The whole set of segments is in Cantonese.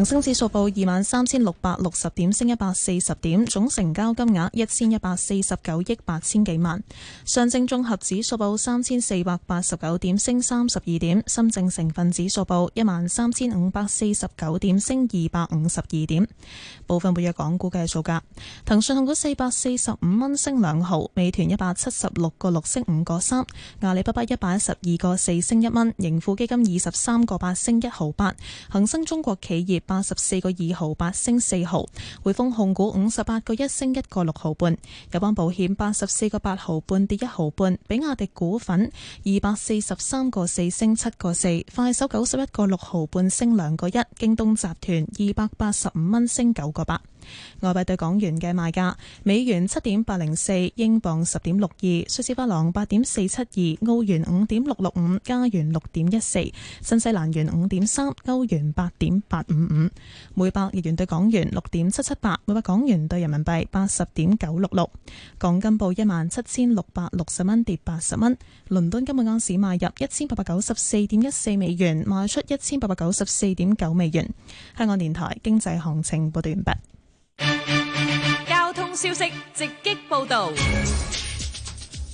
恒生指數報二萬三千六百六十點，升一百四十點，總成交金額一千一百四十九億八千幾萬。上證綜合指數報三千四百八十九點，升三十二點。深證成分指數報一萬三千五百四十九點，升二百五十二點。部分每日港股計數價：騰訊控股四百四十五蚊，升兩毫；美團一百七十六個六升五個三；阿里巴巴一百一十二個四升一蚊；盈富基金二十三個八升一毫八；恒生中國企業。八十四個二毫八升四毫，匯豐控股五十八個一升一個六毫半，友邦保險八十四個八毫半跌一毫半，比亞迪股份二百四十三個四升七個四，快手九十一個六毫半升兩個一，京東集團二百八十五蚊升九個八。外幣對港元嘅賣價：美元七點八零四，英鎊十點六二，瑞士法郎八點四七二，澳元五點六六五，加元六點一四，新西蘭元五點三，歐元八點八五五。每百日元對港元六點七七八，每百港元對人民幣八十點九六六。港金報一萬七千六百六十蚊，跌八十蚊。倫敦金每盎司買入一千八百九十四點一四美元，賣出一千八百九十四點九美元。香港電台經濟行情報道完畢。交通消息直擊報道。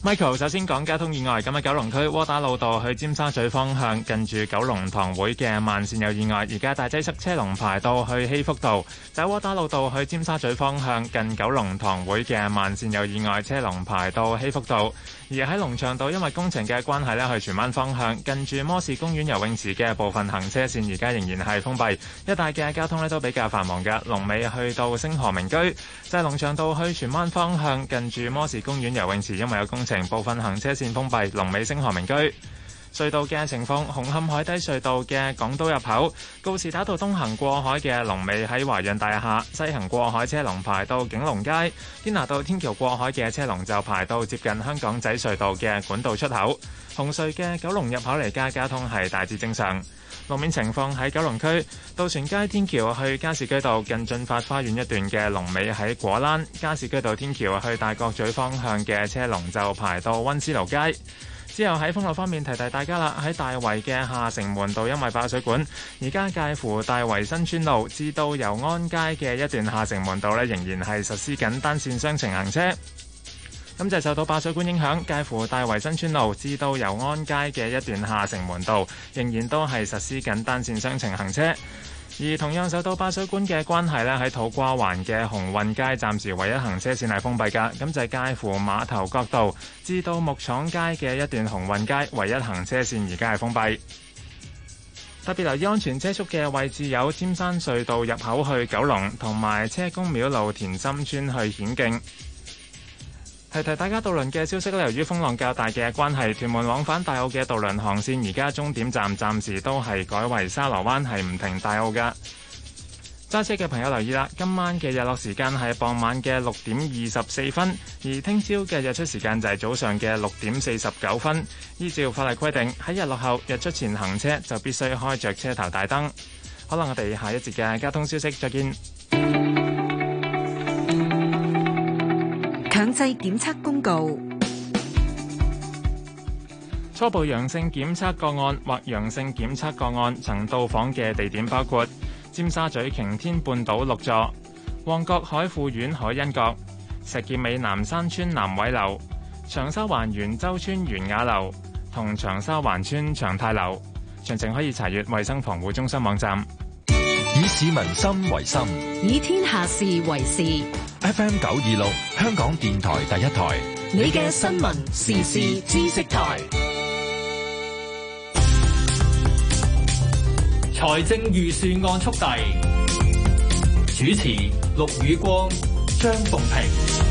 Michael 首先講交通意外，今日九龍區窩打老道去尖沙咀方向，近住九龍塘會嘅慢線有意外，而家大擠塞車龍，車龍排到去喜福道。走窩打老道去尖沙咀方向，近九龍塘會嘅慢線有意外，車龍排到喜福道。而喺龍翔道，因為工程嘅關係咧，去荃灣方向近住摩士公園游泳池嘅部分行車線，而家仍然係封閉。一帶嘅交通咧都比較繁忙嘅。龍尾去到星河明居，就係龍翔道去荃灣方向近住摩士公園游泳池，因為有工程，部分行車線封閉。龍尾星河明居。隧道嘅情況，紅磡海底隧道嘅港島入口、告士打道東行過海嘅龍尾喺華潤大廈；西行過海車龍排到景隆街。天拿道天橋過海嘅車龍就排到接近香港仔隧道嘅管道出口。紅隧嘅九龍入口而家交通係大致正常。路面情況喺九龍區，渡船街天橋去加士居道近駿發花園一段嘅龍尾喺果欄；加士居道天橋去大角咀方向嘅車龍就排到溫思勞街。之後喺封路方面提提大家啦，喺大圍嘅下城門道因為爆水管，而家介乎大圍新村路至到油安街嘅一段下城門道呢，仍然係實施緊單線雙程行車。咁就受到爆水管影響，介乎大圍新村路至到油安街嘅一段下城門道，仍然都係實施緊單線雙程行車。而同樣受到爆水管嘅關係呢，喺土瓜灣嘅鴻運街暫時唯一行車線係封閉㗎，咁就係介乎馬頭角道至到木廠街嘅一段鴻運街唯一行車線，而家係封閉。特別留意安全車速嘅位置有尖山隧道入口去九龍，同埋車公廟路田心村去顯徑。提提大家渡輪嘅消息啦，由於風浪較大嘅關係，屯門往返大澳嘅渡輪航線而家終點站暫時都係改為沙螺灣，係唔停大澳㗎。揸車嘅朋友留意啦，今晚嘅日落時間係傍晚嘅六點二十四分，而聽朝嘅日出時間就係早上嘅六點四十九分。依照法例規定，喺日落後、日出前行車就必須開着車頭大燈。可能我哋下一節嘅交通消息，再見。制檢測公告，初步陽性檢測個案或陽性檢測個案曾到訪嘅地點包括尖沙咀擎天半島六座、旺角海富苑海欣閣、石硤尾南山村南偉樓、長沙灣元州村元雅樓同長沙灣村長泰樓，詳情可以查閱衛生防護中心網站。以市民心為心，以天下事為事。FM 九二六，香港電台第一台，你嘅新聞、時事、知識台，財政預算案速遞，主持陸宇光、張鳳平。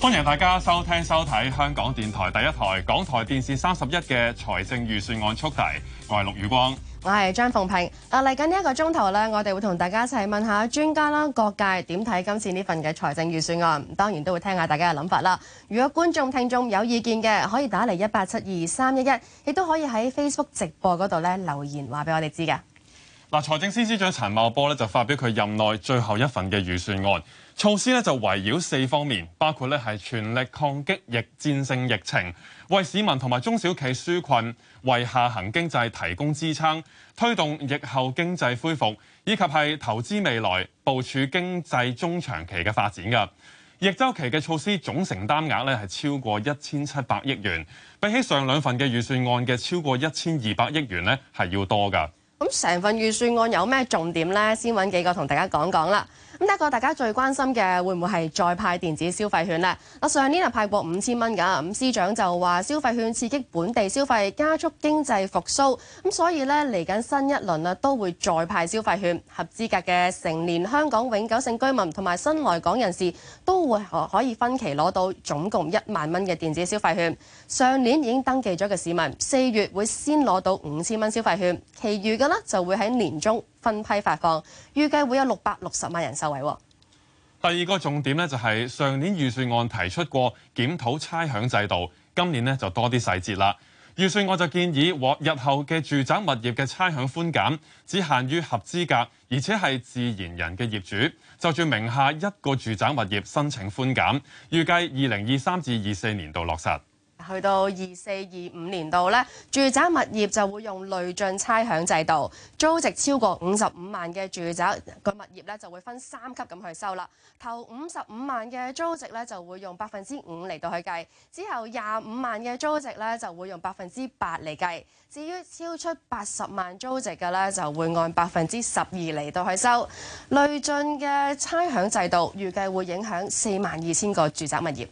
歡迎大家收聽收睇香港電台第一台、港台電視三十一嘅財政預算案速遞，我係陸宇光，我係張鳳平。啊，嚟緊呢一個鐘頭咧，我哋會同大家一齊問下專家啦、各界點睇今次呢份嘅財政預算案，當然都會聽下大家嘅諗法啦。如果觀眾聽眾有意見嘅，可以打嚟一八七二三一一，亦都可以喺 Facebook 直播嗰度咧留言話俾我哋知嘅。嗱、啊，財政司司長陳茂波咧就發表佢任內最後一份嘅預算案。措施咧就圍繞四方面，包括咧係全力抗擊疫戰勝疫情，為市民同埋中小企紓困，為下行經濟提供支撐，推動疫後經濟恢復，以及係投資未來、部署經濟中長期嘅發展嘅逆周期嘅措施總承擔額咧係超過一千七百億元，比起上兩份嘅預算案嘅超過一千二百億元咧係要多噶。咁成份預算案有咩重點咧？先揾幾個同大家講講啦。咁呢個大家最關心嘅會唔會係再派電子消費券呢？嗱，上年啊派過五千蚊㗎，咁司長就話消費券刺激本地消費，加速經濟復甦。咁所以呢，嚟緊新一輪啊都會再派消費券，合資格嘅成年香港永久性居民同埋新來港人士都會可以分期攞到總共一萬蚊嘅電子消費券。上年已經登記咗嘅市民，四月會先攞到五千蚊消費券，其餘嘅呢就會喺年中。分批發放，預計會有六百六十萬人受惠。第二個重點咧、就是，就係上年預算案提出過檢討差餉制度，今年呢，就多啲細節啦。預算案就建議獲日後嘅住宅物業嘅差餉寬減，只限於合資格而且係自然人嘅業主，就住名下一個住宅物業申請寬減，預計二零二三至二四年度落實。去到二四二五年度咧，住宅物業就會用累進差餉制度，租值超過五十五萬嘅住宅個物業咧就會分三級咁去收啦。頭五十五萬嘅租值咧就會用百分之五嚟到去計，之後廿五萬嘅租值咧就會用百分之八嚟計，至於超出八十萬租值嘅咧就會按百分之十二嚟到去收。累進嘅差餉制度預計會影響四萬二千個住宅物業。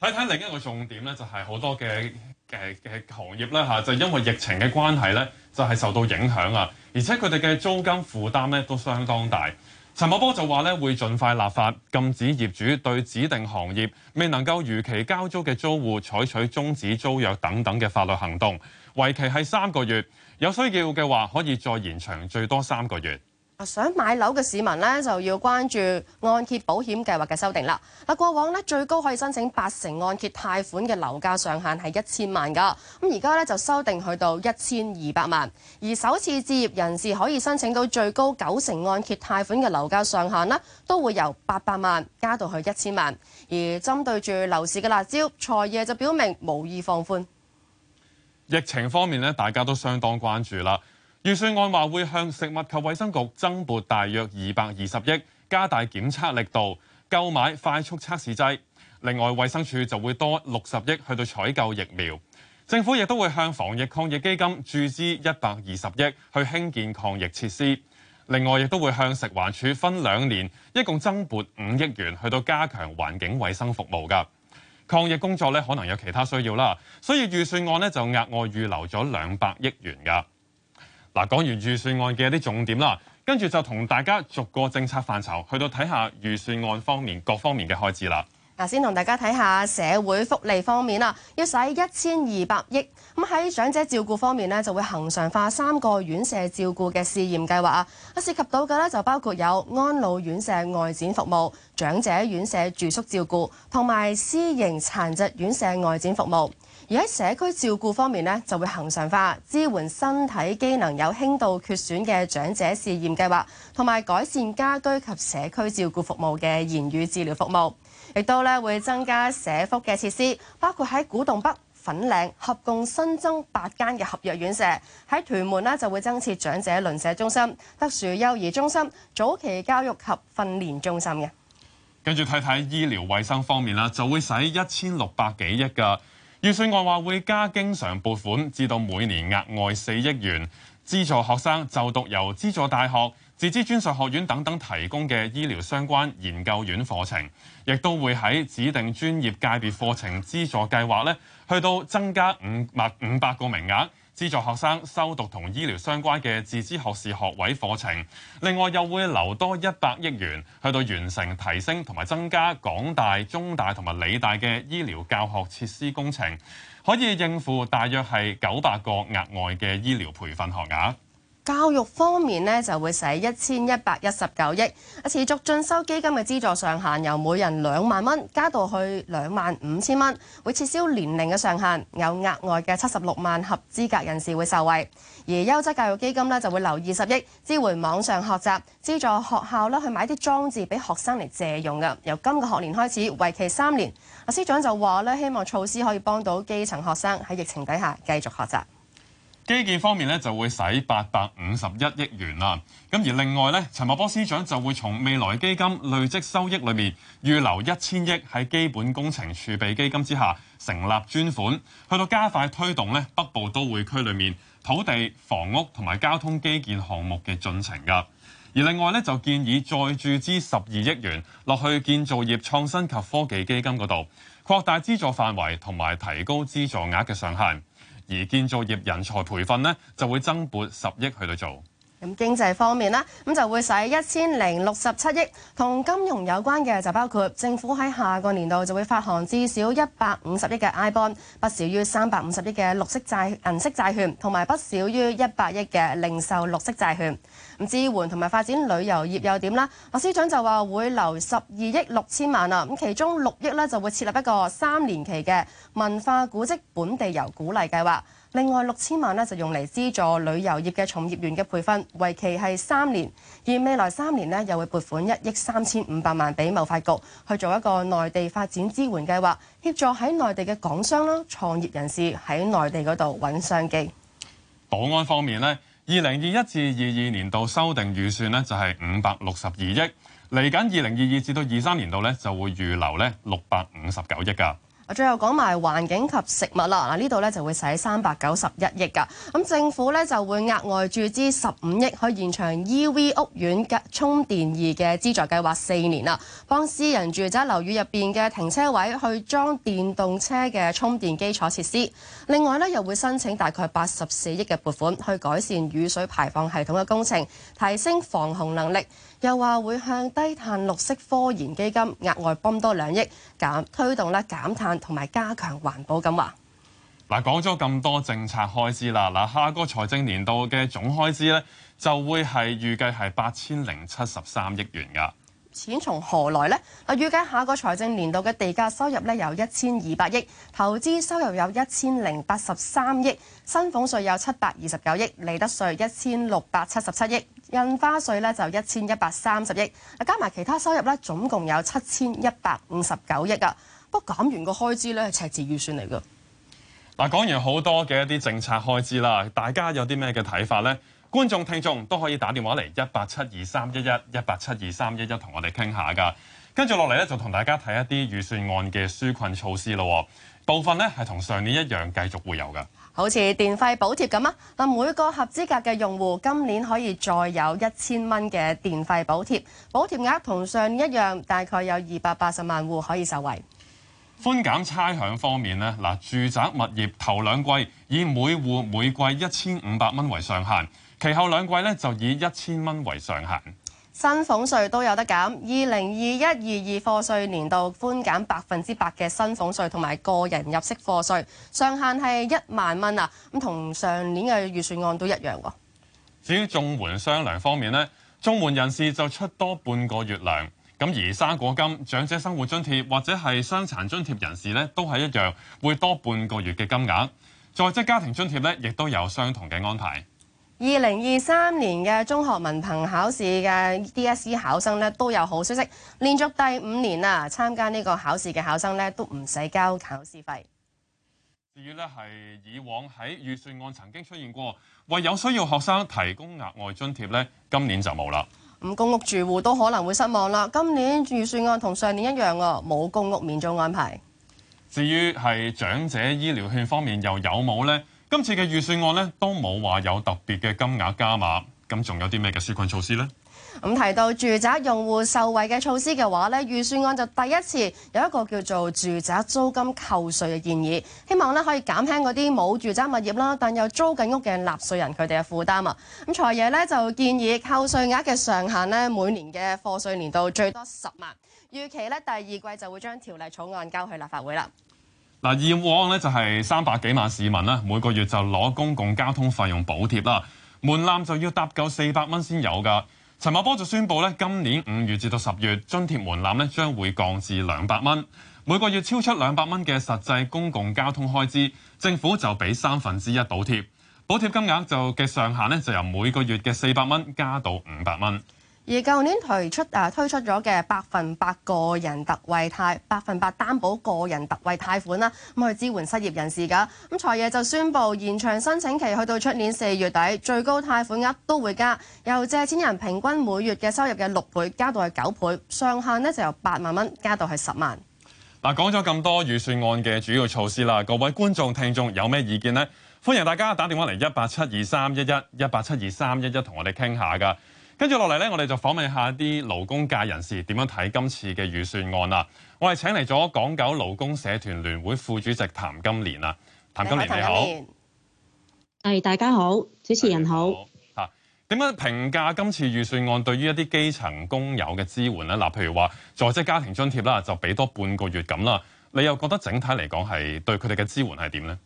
睇睇另一個重點咧，就係好多嘅誒嘅行業咧嚇，就因為疫情嘅關係咧，就係受到影響啊。而且佢哋嘅租金負擔咧都相當大。陳茂波就話咧，會盡快立法禁止業主對指定行業未能夠如期交租嘅租戶採取終止租約等等嘅法律行動，為期係三個月，有需要嘅話可以再延長最多三個月。想買樓嘅市民咧，就要關注按揭保險計劃嘅修訂啦。啊，過往咧，最高可以申請八成按揭貸款嘅樓價上限係一千萬噶，咁而家咧就修訂去到一千二百萬。而首次置業人士可以申請到最高九成按揭貸款嘅樓價上限咧，都會由八百萬加到去一千萬。而針對住樓市嘅辣招，財爺就表明無意放寬。疫情方面咧，大家都相當關注啦。預算案話會向食物及衛生局增撥大約二百二十億，加大檢測力度，購買快速測試劑。另外，衛生署就會多六十億去到採購疫苗。政府亦都會向防疫抗疫基金注資一百二十億去興建抗疫設施。另外，亦都會向食環署分兩年一共增撥五億元去到加強環境衛生服務㗎。抗疫工作咧，可能有其他需要啦，所以預算案咧就額外預留咗兩百億元㗎。嗱，講完預算案嘅一啲重點啦，跟住就同大家逐個政策範疇去到睇下預算案方面各方面嘅開支啦。嗱，先同大家睇下社會福利方面啦，要使一千二百億。咁喺長者照顧方面呢，就會恒常化三個院舍照顧嘅試驗計劃啊。啊，涉及到嘅咧就包括有安老院舍外展服務、長者院舍住宿照顧同埋私營殘疾院舍外展服務。而喺社區照顧方面咧，就會恒常化支援身體機能有輕度缺損嘅長者試驗計劃，同埋改善家居及社區照顧服務嘅言語治療服務，亦都咧會增加社福嘅設施，包括喺古洞北、粉嶺合共新增八間嘅合約院舍，喺屯門咧就會增設長者鄰舍中心、特殊幼兒中心、早期教育及訓練中心嘅。跟住睇睇醫療衞生方面啦，就會使一千六百幾億嘅。預算案話會加經常撥款，至到每年額外四億元，資助學生就讀由資助大學、自資專上學院等等提供嘅醫療相關研究院課程，亦都會喺指定專業界別課程資助計劃咧，去到增加五百個名額。資助學生修讀同醫療相關嘅自資學士學位課程，另外又會留多一百億元去到完成提升同埋增加港大、中大同埋理大嘅醫療教學設施工程，可以應付大約係九百個額外嘅醫療培訓學額。教育方面呢，就會使一千一百一十九億，持續進修基金嘅資助上限由每人兩萬蚊加到去兩萬五千蚊，會撤銷年齡嘅上限，有額外嘅七十六萬合資格人士會受惠。而優質教育基金呢，就會留二十億支援網上學習，資助學校咧去買啲裝置俾學生嚟借用㗎。由今個學年開始，為期三年。阿司長就話咧，希望措施可以幫到基層學生喺疫情底下繼續學習。基建方面咧就會使八百五十一億元啦，咁而另外咧，陳茂波司長就會從未來基金累積收益裏面預留一千億喺基本工程儲備基金之下成立專款，去到加快推動咧北部都會區裏面土地、房屋同埋交通基建項目嘅進程㗎。而另外咧就建議再注資十二億元落去建造業創新及科技基金嗰度，擴大資助範圍同埋提高資助額嘅上限。而建造業人才培訓咧，就會增撥十億去做。咁經濟方面咧，咁就會使一千零六十七億，同金融有關嘅就包括政府喺下個年度就會發行至少一百五十億嘅 I bond，不少於三百五十億嘅綠色債銀色債券，同埋不少於一百億嘅零售綠色債券。咁支援同埋發展旅遊業又點呢？阿司長就話會留十二億六千萬啊，咁其中六億咧就會設立一個三年期嘅文化古蹟本地遊鼓勵計劃。另外六千萬咧就用嚟資助旅遊業嘅從業員嘅培訓，為期係三年。而未來三年呢，又會撥款一億三千五百萬俾貿發局去做一個內地發展支援計劃，協助喺內地嘅港商啦、創業人士喺內地嗰度揾商機。保安方面呢，二零二一至二二年度修訂預算呢，就係五百六十二億，嚟緊二零二二至到二三年度呢，就會預留呢六百五十九億㗎。最後講埋環境及食物啦，嗱呢度咧就會使三百九十一億噶，咁政府咧就會額外注資十五億，去延長 EV 屋苑嘅充電易嘅資助計劃四年啦，幫私人住宅樓宇入邊嘅停車位去裝電動車嘅充電基礎設施。另外咧又會申請大概八十四億嘅撥款，去改善雨水排放系統嘅工程，提升防洪能力。又話會向低碳綠色科研基金額外泵多兩億，減推動咧減碳同埋加強環保咁話。嗱，講咗咁多政策開支啦，嗱，下個財政年度嘅總開支咧就會係預計係八千零七十三億元噶。錢從何來呢？嗱，預計下個財政年度嘅地價收入咧有一千二百億，投資收入有一千零八十三億，薪俸稅有七百二十九億，利得稅一千六百七十七億。印花稅咧就一千一百三十億，嗱，加埋其他收入咧總共有七千一百五十九億噶。不過減完個開支咧係赤字預算嚟㗎。嗱，講完啊好多嘅一啲政策開支啦，大家有啲咩嘅睇法咧？觀眾聽眾都可以打電話嚟一八七二三一一一八七二三一一同我哋傾下㗎。跟住落嚟咧就同大家睇一啲預算案嘅紓困措施咯。部分咧係同上年一樣繼續會有㗎。好似電費補貼咁啊！嗱，每個合資格嘅用戶今年可以再有一千蚊嘅電費補貼，補貼額同上年一樣，大概有二百八十萬戶可以受惠。寬減差餉方面呢嗱，住宅物業頭兩季以每戶每季一千五百蚊為上限，其後兩季咧就以一千蚊為上限。薪俸稅都有得減，二零二一二二課稅年度寬減百分之百嘅薪俸稅同埋個人入息課稅上限係一萬蚊啊，咁同上年嘅預算案都一樣喎。至於綜援雙糧方面呢，綜援人士就出多半個月糧，咁而生果金、長者生活津貼或者係傷殘津貼人士呢，都係一樣，會多半個月嘅金額。在職家庭津貼呢，亦都有相同嘅安排。二零二三年嘅中學文憑考試嘅 DSE 考生咧都有好消息，連續第五年啊，參加呢個考試嘅考生咧都唔使交考試費。至於咧係以往喺預算案曾經出現過為有需要學生提供額外津貼咧，今年就冇啦。咁、嗯、公屋住戶都可能會失望啦。今年預算案同上年一樣喎，冇公屋免租安排。至於係長者醫療券方面，又有冇咧？今次嘅預算案咧，都冇話有，有特別嘅金額加碼，咁仲有啲咩嘅紓困措施呢？咁提到住宅用戶受惠嘅措施嘅話咧，預算案就第一次有一個叫做住宅租金扣稅嘅建議，希望咧可以減輕嗰啲冇住宅物業啦，但又租緊屋嘅納稅人佢哋嘅負擔啊。咁財爺咧就建議扣稅額嘅上限咧，每年嘅課稅年度最多十萬，預期咧第二季就會將條例草案交去立法會啦。嗱，以往咧就係三百幾萬市民啦，每個月就攞公共交通費用補貼啦，門檻就要搭夠四百蚊先有㗎。陳茂波就宣布咧，今年五月至到十月，津貼門檻咧將會降至兩百蚊，每個月超出兩百蚊嘅實際公共交通開支，政府就俾三分之一補貼，補貼金額就嘅上限咧就由每個月嘅四百蚊加到五百蚊。而舊年推出誒、啊、推出咗嘅百分百個人特惠貸、百分百擔保個人特惠貸款啦，咁、嗯、去支援失業人士噶。咁財爺就宣布延長申請期去到出年四月底，最高貸款額都會加，由借錢人平均每月嘅收入嘅六倍加到去九倍，上限呢就由八萬蚊加到去十萬。嗱，講咗咁多預算案嘅主要措施啦，各位觀眾聽眾有咩意見呢？歡迎大家打電話嚟一八七二三一一一八七二三一一同我哋傾下噶。跟住落嚟咧，我哋就訪問一下啲勞工界人士點樣睇今次嘅預算案啦。我哋請嚟咗港九勞工社團聯會副主席譚金蓮啦。譚金蓮你好，係大家好，主持人好。嚇、哎，點樣、啊、評價今次預算案對於一啲基層工友嘅支援咧？嗱、啊，譬如話，在職家庭津貼啦，就俾多半個月咁啦。你又覺得整體嚟講係對佢哋嘅支援係點咧？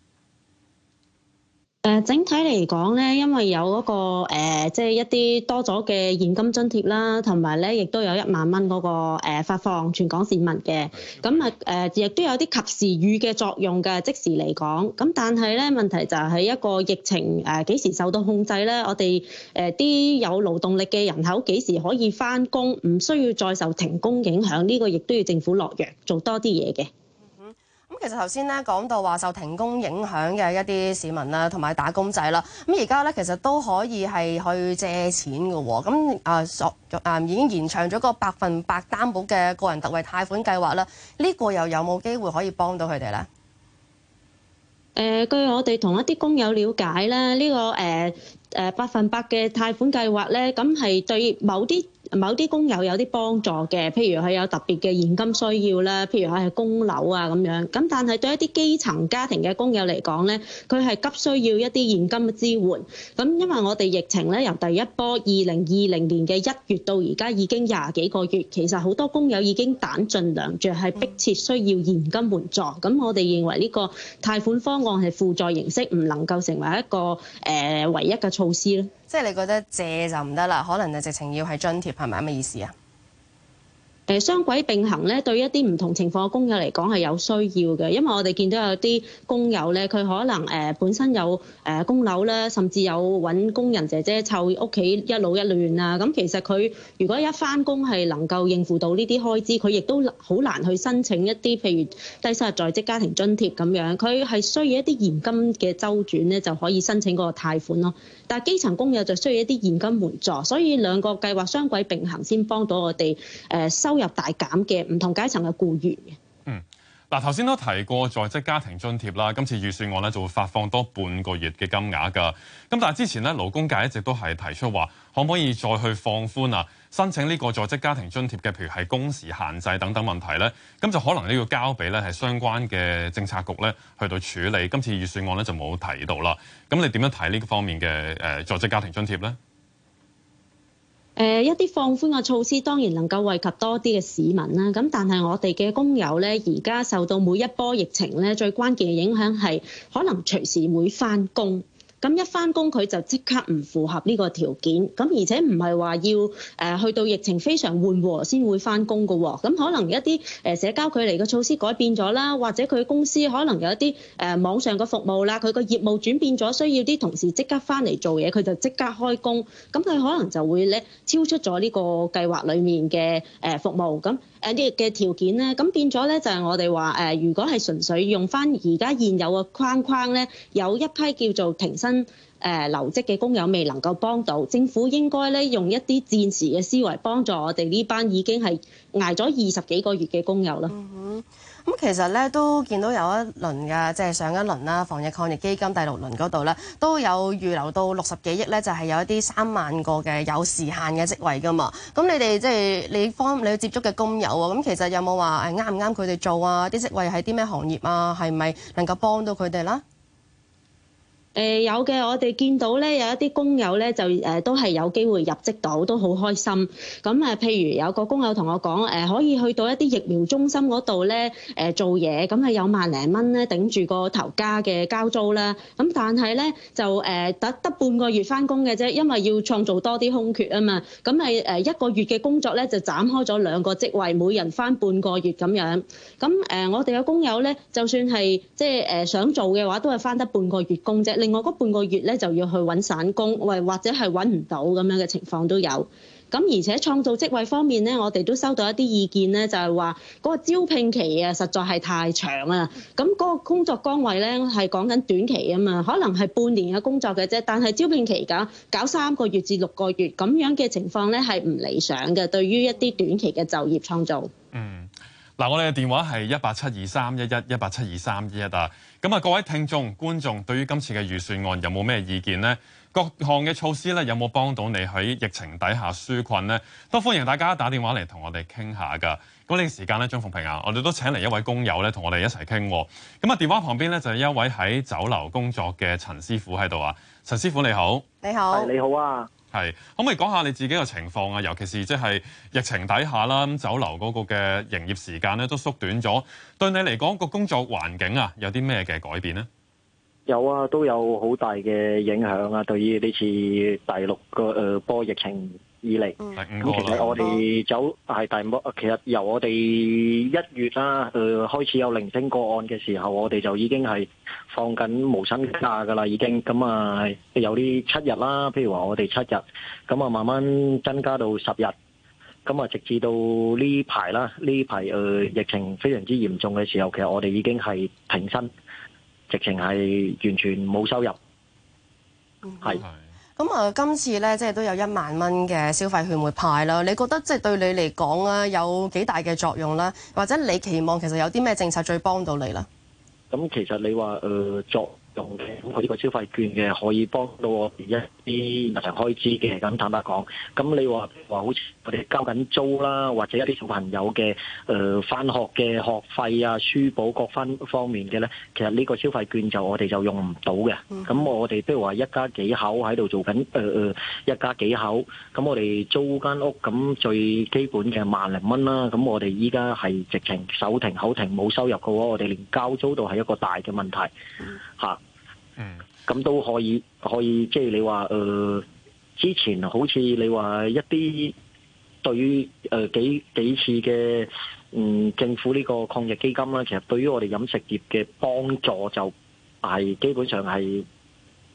誒整體嚟講咧，因為有嗰、那個即係、呃就是、一啲多咗嘅現金津貼啦，同埋咧，亦都有一萬蚊嗰、那個誒、呃、發放全港市民嘅，咁啊誒，亦、呃、都有啲及時雨嘅作用嘅，即時嚟講。咁但係咧，問題就係一個疫情誒幾、呃、時受到控制咧？我哋誒啲有勞動力嘅人口幾時可以返工，唔需要再受停工影響？呢、這個亦都要政府落藥做多啲嘢嘅。其實頭先咧講到話受停工影響嘅一啲市民啦，同、啊、埋打工仔啦，咁而家咧其實都可以係去借錢噶、哦，咁啊所啊已經延長咗個百分百擔保嘅個人特惠貸款計劃啦。呢、這個又有冇機會可以幫到佢哋咧？誒、呃，據我哋同一啲工友了解咧，呢、這個誒誒、呃、百分百嘅貸款計劃咧，咁係對某啲。某啲工友有啲幫助嘅，譬如佢有特別嘅現金需要啦，譬如佢係供樓啊咁樣。咁但係對一啲基層家庭嘅工友嚟講咧，佢係急需要一啲現金嘅支援。咁因為我哋疫情咧，由第一波二零二零年嘅一月到而家已經廿幾個月，其實好多工友已經彈盡糧絕，係迫切需要現金援助。咁我哋認為呢個貸款方案係輔助形式，唔能夠成為一個誒、呃、唯一嘅措施咯。即係你覺得借就唔得啦，可能就直情要係津貼，係咪咁嘅意思啊？誒雙軌並行咧，對一啲唔同情況嘅工友嚟講係有需要嘅，因為我哋見到有啲工友咧，佢可能誒、呃、本身有誒供樓啦，甚至有揾工人姐姐湊屋企一老一嫩啊。咁、嗯、其實佢如果一翻工係能夠應付到呢啲開支，佢亦都好難去申請一啲譬如低收入在職家庭津貼咁樣，佢係需要一啲現金嘅周轉咧就可以申請嗰個貸款咯。但係基層工友就需要一啲現金援助，所以兩個計劃雙軌並行先幫到我哋誒、呃、收入大減嘅唔同階層嘅僱員。嗯，嗱頭先都提過在職家庭津貼啦，今次預算案咧就會發放多半個月嘅金額噶。咁但係之前咧勞工界一直都係提出話，可唔可以再去放寬啊，申請呢個在職家庭津貼嘅，譬如係工時限制等等問題咧，咁就可能你要交俾咧係相關嘅政策局咧去到處理。今次預算案咧就冇提到啦。咁你點樣睇呢個方面嘅誒在職家庭津貼咧？誒、呃、一啲放寬嘅措施當然能夠惠及多啲嘅市民啦，咁但係我哋嘅工友咧，而家受到每一波疫情咧，最關鍵嘅影響係可能隨時會返工。咁一翻工佢就即刻唔符合呢個條件，咁而且唔係話要誒去到疫情非常緩和先會翻工噶喎，咁可能一啲誒社交距離嘅措施改變咗啦，或者佢公司可能有一啲誒網上嘅服務啦，佢個業務轉變咗，需要啲同事即刻翻嚟做嘢，佢就即刻開工，咁佢可能就會咧超出咗呢個計劃裡面嘅誒服務，咁誒呢啲嘅條件咧，咁變咗咧就係我哋話誒，如果係純粹用翻而家現有嘅框框咧，有一批叫做停薪誒，留、呃、職嘅工友未能夠幫到政府應該，應該咧用一啲戰時嘅思維，幫助我哋呢班已經係挨咗二十幾個月嘅工友啦。咁、嗯嗯、其實咧都見到有一輪嘅，即、就、係、是、上一輪啦，防疫抗疫基金第六輪嗰度咧，都有預留到六十幾億咧，就係、是、有一啲三萬個嘅有時限嘅職位噶嘛。咁你哋即係你方你接觸嘅工友啊，咁、嗯、其實有冇話誒啱唔啱佢哋做啊？啲職位係啲咩行業啊？係咪能夠幫到佢哋啦？誒有嘅，我哋見到咧有一啲工友咧就誒都係有機會入職到，都好開心。咁啊，譬如有個工友同我講，誒可以去到一啲疫苗中心嗰度咧誒做嘢，咁係有萬零蚊咧頂住個頭家嘅交租啦。咁但係咧就誒得得半個月返工嘅啫，因為要創造多啲空缺啊嘛。咁係誒一個月嘅工作咧就斬開咗兩個職位，每人返半個月咁樣。咁誒我哋嘅工友咧，就算係即係誒想做嘅話，都係返得半個月工啫。另外嗰半個月咧就要去揾散工，或或者係揾唔到咁樣嘅情況都有。咁而且創造職位方面咧，我哋都收到一啲意見咧，就係話嗰個招聘期啊，實在係太長啊。咁、那、嗰個工作崗位咧係講緊短期啊嘛，可能係半年嘅工作嘅啫，但係招聘期而家搞三個月至六個月咁樣嘅情況咧係唔理想嘅，對於一啲短期嘅就業創造嗯。嗱，我哋嘅電話係一八七二三一一一八七二三一一啊！咁啊，各位聽眾、觀眾，對於今次嘅預算案有冇咩意見呢？各項嘅措施咧，有冇幫到你喺疫情底下紓困呢？都歡迎大家打電話嚟同我哋傾下噶。咁呢個時間咧，張鳳平啊，我哋都請嚟一位工友咧，同我哋一齊傾。咁啊，電話旁邊咧就係一位喺酒樓工作嘅陳師傅喺度啊。陳師傅你好，你好，你好啊！係，可唔可以講下你自己嘅情況啊？尤其是即係疫情底下啦，咁酒樓嗰個嘅營業時間咧都縮短咗，對你嚟講個工作環境啊，有啲咩嘅改變咧？有啊，都有好大嘅影響啊！對於呢次第六個誒波疫情以嚟，咁、嗯、其實我哋走係第五，其實由我哋一月啦，誒、呃、開始有零星個案嘅時候，我哋就已經係放緊無薪假嘅啦，已經咁啊、嗯嗯，有呢七日啦，譬如話我哋七日，咁、嗯、啊慢慢增加到十日，咁、嗯、啊直至到呢排啦，呢排誒疫情非常之嚴重嘅時候，其實我哋已經係停薪，直情係完全冇收入，係、嗯。咁啊、呃，今次咧即係都有一萬蚊嘅消費券會派啦。你覺得即係對你嚟講咧，有幾大嘅作用啦？或者你期望其實有啲咩政策最幫到你啦？咁、嗯、其實你話誒、呃、作用嘅，咁佢呢個消費券嘅可以幫到我一啲日常開支嘅。咁坦白講，咁你話話好似我哋交緊租啦，或者一啲小朋友嘅誒返學嘅學費啊、書簿各翻方面嘅咧，其實呢個消費券就我哋就用唔到嘅。咁、嗯、我哋譬如話一家幾口喺度做緊誒誒一家幾口，咁我哋租間屋咁最基本嘅萬零蚊啦。咁我哋依家係直情手停口停冇收入嘅話，我哋連交租都係一個大嘅問題。嗯吓，嗯，咁都可以，可以即係你話，誒、就是呃，之前好似你話一啲對於誒、呃、幾幾次嘅嗯政府呢個抗疫基金啦，其實對於我哋飲食業嘅幫助就係基本上係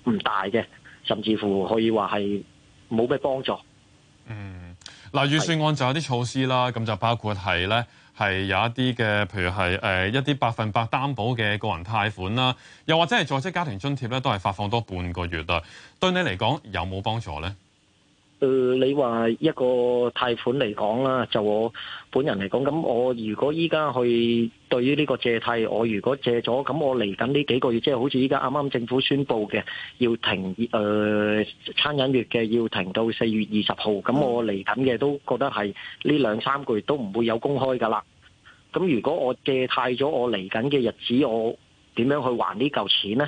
唔大嘅，甚至乎可以話係冇咩幫助。嗯，嗱，預算案就有啲措施啦，咁是就包括係咧。係有一啲嘅，譬如係、呃、一啲百分百擔保嘅個人貸款啦，又或者係在職家庭津貼咧，都係發放多半個月啦。對你嚟講有冇幫助呢？誒、呃，你話一個貸款嚟講啦，就我本人嚟講，咁我如果依家去對於呢個借貸，我如果借咗，咁我嚟緊呢幾個月，即係好似依家啱啱政府宣布嘅，要停誒、呃、餐飲月嘅，要停到四月二十號，咁我嚟緊嘅都覺得係呢兩三個月都唔會有公開噶啦。咁如果我借貸咗，我嚟緊嘅日子，我點樣去還呢嚿錢呢？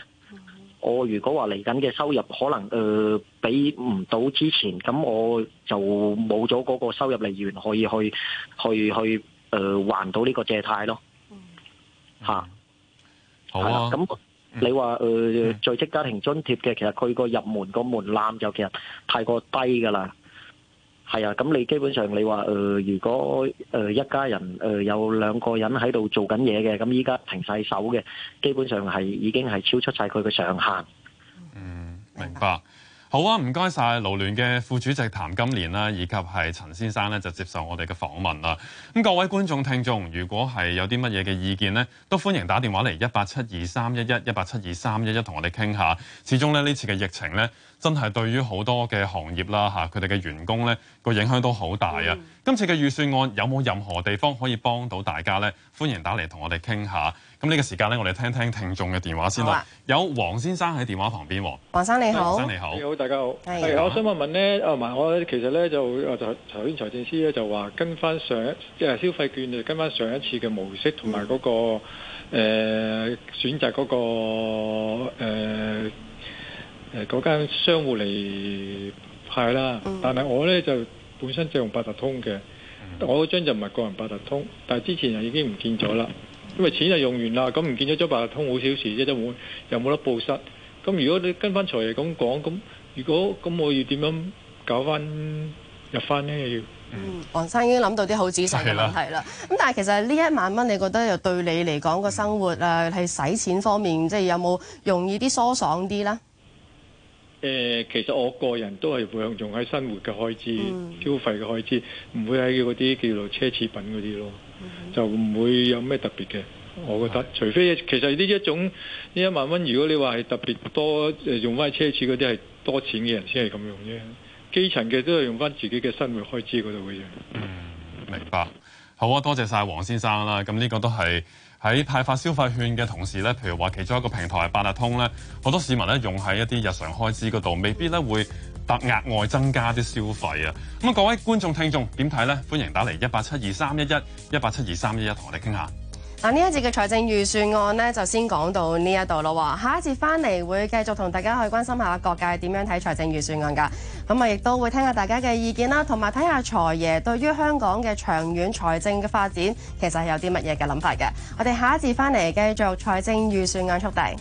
我如果話嚟緊嘅收入可能誒俾唔到之前，咁我就冇咗嗰個收入來源可以去去去誒、呃、還到呢個借貸咯，吓、嗯啊、好啊。咁、嗯、你話誒在職家庭津貼嘅，其實佢個入門個門檻就其實太過低噶啦。係啊，咁你基本上你話，誒如果誒一家人誒有兩個人喺度做緊嘢嘅，咁依家停晒手嘅，基本上係已經係超出晒佢嘅上限。嗯，明白。好啊，唔該晒勞聯嘅副主席譚金蓮啦，以及係陳先生咧，就接受我哋嘅訪問啦。咁各位觀眾聽眾，如果係有啲乜嘢嘅意見咧，都歡迎打電話嚟一八七二三一一一八七二三一一同我哋傾下。始終咧呢次嘅疫情咧，真係對於好多嘅行業啦嚇，佢哋嘅員工咧個影響都好大啊。嗯、今次嘅預算案有冇任何地方可以幫到大家咧？歡迎打嚟同我哋傾下。咁呢個時間咧，我哋聽聽聽眾嘅電話先啦。啊、有黃先生喺電話旁邊喎。黃生你好。黃生你好。 你好，大家好。係，我想問問咧，誒、啊，唔係、啊、我其實咧就就頭先財政司咧就話跟翻上一，即係消費券就跟翻上一次嘅模式，同埋嗰個誒、嗯呃、選擇嗰、嗰個誒嗰間商戶嚟派啦。但係我咧就本身就用八達通嘅，嗯、我張就唔係個人八達通，但係之前又已經唔見咗啦。嗯因為錢就用完啦，咁唔見咗張八達通好少事啫，就冇又冇得報失。咁如果你跟翻財爺咁講，咁如果咁我要點樣搞翻入翻呢？嗯，黃生已經諗到啲好仔細嘅問題啦。咁了但係其實呢一萬蚊，你覺得又對你嚟講個生活啊，係使錢方面，即係有冇容易啲疏爽啲呢？誒、呃，其實我個人都係會用喺生活嘅開支、嗯、消費嘅開支，唔會喺嗰啲叫做奢侈品嗰啲咯。 就唔會有咩特別嘅，我覺得， 除非其實呢一種呢一萬蚊，如果你話係特別多用翻奢侈嗰啲係多錢嘅人先係咁用啫，基層嘅都係用翻自己嘅生活開支嗰度嘅啫。嗯，明白。好啊，多謝晒黃先生啦。咁呢個都係喺派發消費券嘅同時呢，譬如話其中一個平台八達通呢，好多市民呢用喺一啲日常開支嗰度，未必呢會。答額外增加啲消費啊！咁各位觀眾聽眾點睇呢？歡迎打嚟一八七二三一一一八七二三一一同我哋傾下。嗱，呢一節嘅財政預算案呢，就先講到呢一度咯。下一節翻嚟會繼續同大家去關心下各界點樣睇財政預算案㗎。咁啊，亦都會聽下大家嘅意見啦，同埋睇下財爺對於香港嘅長遠財政嘅發展其實係有啲乜嘢嘅諗法嘅。我哋下一節翻嚟繼續財政預算案速遞。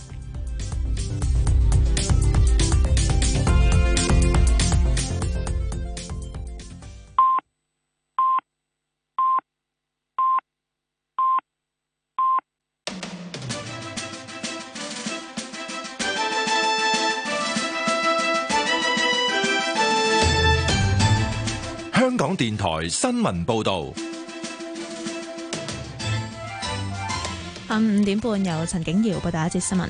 香港電台新聞報道，下午五點半由陳景瑤報第一節新聞。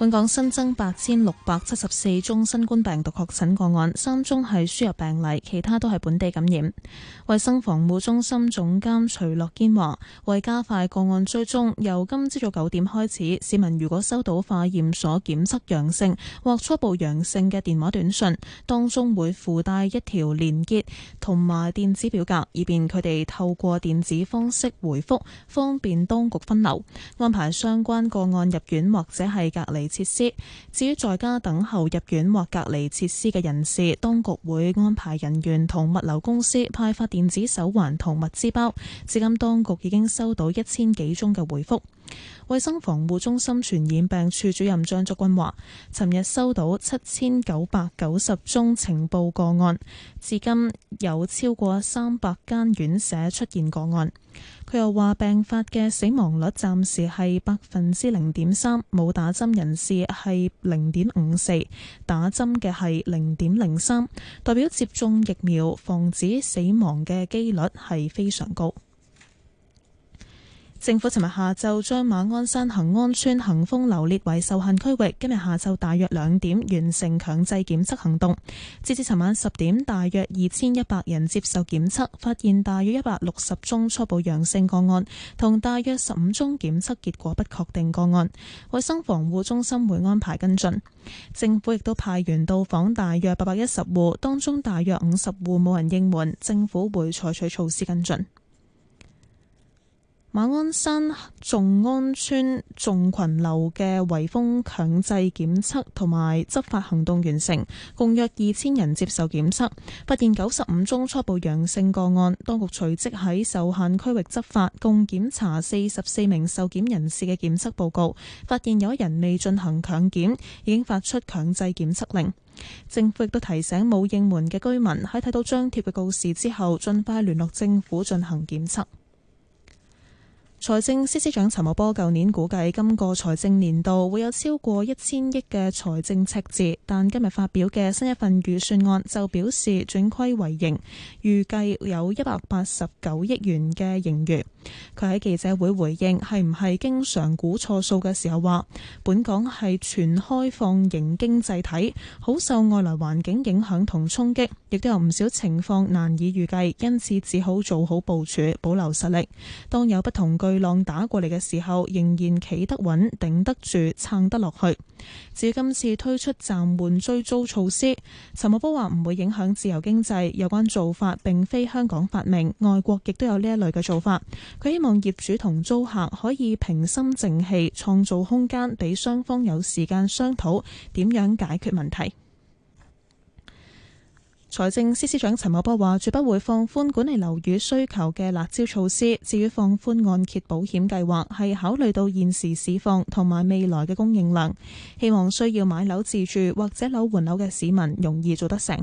本港新增八千六百七十四宗新冠病毒確診個案，三宗係輸入病例，其他都係本地感染。衛生防護中心總監徐樂堅話，為加快個案追蹤，由今朝早九點開始，市民如果收到化驗所檢測陽性或初步陽性嘅電話短信，當中會附帶一條連結同埋電子表格，以便佢哋透過電子方式回覆，方便當局分流安排相關個案入院或者係隔離設施。至於在家等候入院或隔離設施嘅人士，當局會安排人員同物流公司派發電子手環同物資包。至今當局已經收到一千幾宗嘅回覆。衛生防護中心傳染病處主任張竹君話：尋日收到七千九百九十宗呈報個案，至今有超過三百間院舍出現個案。佢又話：病發嘅死亡率暫時係百分之零點三，冇打針人士係零點五四，打針嘅係零點零三，代表接種疫苗防止死亡嘅機率係非常高。政府尋日下晝將馬鞍山恒安邨恒豐樓列為受限區域，今日下晝大約兩點完成強制檢測行動。截至尋晚十點，大約二千一百人接受檢測，發現大約一百六十宗初步陽性個案，同大約十五宗檢測結果不確定個案。衛生防護中心會安排跟進。政府亦都派員到訪大約八百一十戶，當中大約五十戶冇人應門，政府會採取措施跟進。馬鞍山頌安邨頌群樓嘅圍封強制檢測同埋執法行動完成，共約二千人接受檢測，發現九十五宗初步陽性個案。當局隨即喺受限區域執法，共檢查四十四名受檢人士嘅檢測報告，發現有一人未進行強檢，已經發出強制檢測令。政府亦都提醒冇應門嘅居民喺睇到張貼嘅告示之後，盡快聯絡政府進行檢測。財政司司長陳茂波舊年估計今個財政年度會有超過一千億嘅財政赤字，但今日發表嘅新一份預算案就表示轉虧為盈，預計有一百八十九億元嘅盈餘。佢喺記者會回應係唔係經常估錯數嘅時候話：本港係全開放型經濟體，好受外來環境影響同衝擊，亦都有唔少情況難以預計，因此只好做好部署，保留實力。當有不同句。巨浪打過嚟嘅時候，仍然企得穩、頂得住、撐得落去。至於今次推出暫緩追租措施，陳茂波話唔會影響自由經濟，有關做法並非香港發明，外國亦都有呢一類嘅做法。佢希望業主同租客可以平心靜氣，創造空間俾雙方有時間商討點樣解決問題。財政司司長陳茂波話：絕不會放寬管理樓宇需求嘅辣招措施。至於放寬按揭保險計劃，係考慮到現時市況同埋未來嘅供應量，希望需要買樓自住或者樓換樓嘅市民容易做得成。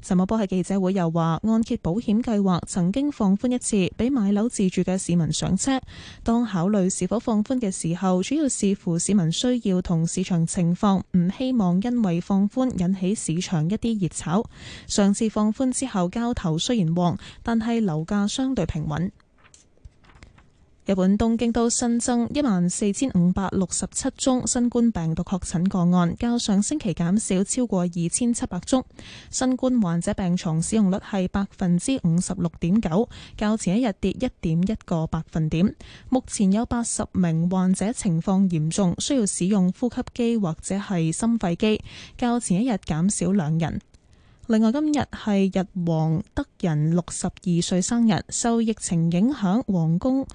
陳茂波係記者會又話，按揭保險計劃曾經放寬一次，俾買樓自住嘅市民上車。當考慮是否放寬嘅時候，主要視乎市民需要同市場情況，唔希望因為放寬引起市場一啲熱炒。上次放寬之後，交投雖然旺，但係樓價相對平穩。日本東京都新增一萬四千五百六十七宗新冠病毒確診個案，較上星期減少超過二千七百宗。新冠患者病床使用率係百分之五十六點九，較前一日跌一點一個百分點。目前有八十名患者情況嚴重，需要使用呼吸機或者係心肺機，較前一日減少兩人。另外，今日係日皇德仁六十二歲生日，受疫情影響，皇宮。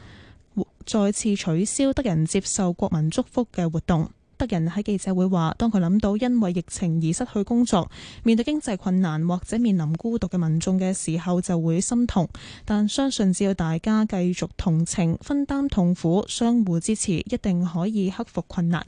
再次取消德人接受國民祝福嘅活動，德人喺記者會話，當佢諗到因為疫情而失去工作、面對經濟困難或者面臨孤獨嘅民眾嘅時候，就會心痛。但相信只要大家繼續同情、分擔痛苦、相互支持，一定可以克服困難。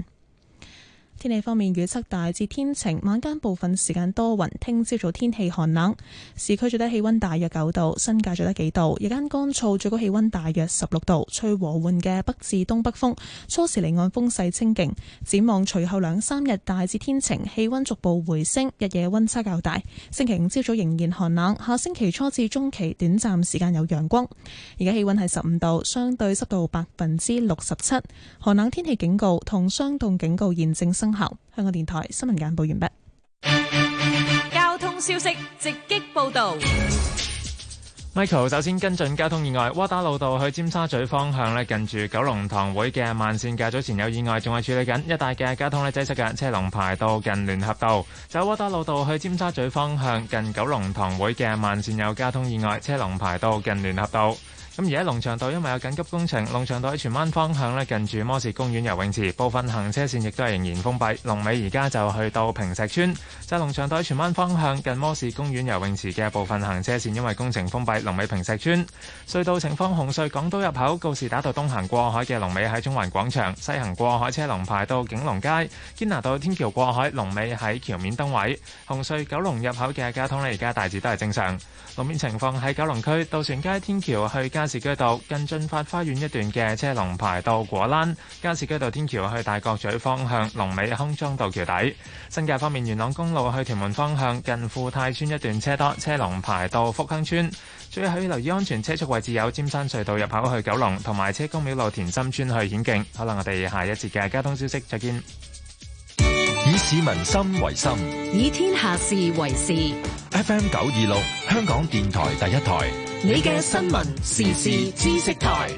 天氣方面，預測大致天晴，晚間部分時間多雲。聽朝早天氣寒冷，市區最低氣溫大約九度，新界最低幾度。日間乾燥，最高氣溫大約十六度，吹和緩嘅北至東北風。初時離岸風勢清勁。展望隨後兩三日大致天晴，氣溫逐步回升，日夜溫差較大。星期五朝早仍然寒冷，下星期初至中期短暫時間有陽光。而家氣溫係十五度，相對濕度百分之六十七。寒冷天氣警告同霜凍警告現正生香港電台新聞簡報完畢。交通消息直擊報道，Michael 首先跟進交通意外，窩打老道去尖沙咀方向咧，近住九龍塘會嘅慢線較早前有意外，仲係處理緊一帶嘅交通咧，擠塞嘅車龍排到近聯合道。走窩打老道去尖沙咀方向，近九龍塘會嘅慢線有交通意外，車龍排到近聯合道。咁而家龍翔道，因為有緊急工程，龍翔道喺荃灣方向咧，近住摩士公園游泳池部分行車線亦都係仍然封閉。龍尾而家就去到坪石村。就係龍翔道喺荃灣方向近摩士公園游泳池嘅部分行車線，因為工程封閉，龍尾坪石村。隧道情況：紅隧港島入口告士打道東行過海嘅龍尾喺中環廣場，西行過海車龍排到景隆街。堅拿道天橋過海龍尾喺橋面燈位。紅隧九龍入口嘅交通咧，而家大致都係正常。路面情況喺九龍區渡船街天橋去加士居道近駿發花園一段嘅車龍排到果欄；加士居道天橋去大角咀方向龍尾康莊道橋底。新界方面，元朗公路去屯門方向近富泰村一段車多，車龍排到福亨村。最後可以留意安全車速位置有尖山隧道入口去九龍，同埋車公廟路田心村去顯徑。好啦，我哋下一節嘅交通消息再見。以市民心為心，以天下事為事。FM 九二六，香港電台第一台，你嘅新聞時事知識台。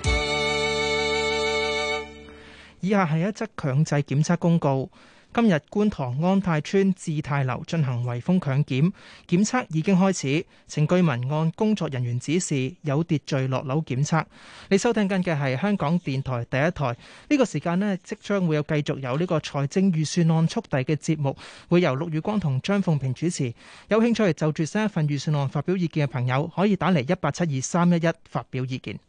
以下係一則強制檢測公告。今日觀塘安泰邨智泰樓進行圍封強檢，檢測已經開始，請居民按工作人員指示有秩序落樓檢測。你收聽緊嘅係香港電台第一台呢、呢個時間呢，即將會有繼續有呢個財政預算案速遞嘅節目，會由陸宇光同張鳳萍主持。有興趣就住新一份預算案發表意見嘅朋友，可以打嚟一八七二三一一發表意見。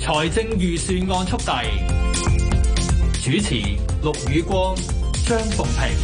財政預算案速遞。主持陸宇光、張鳳平，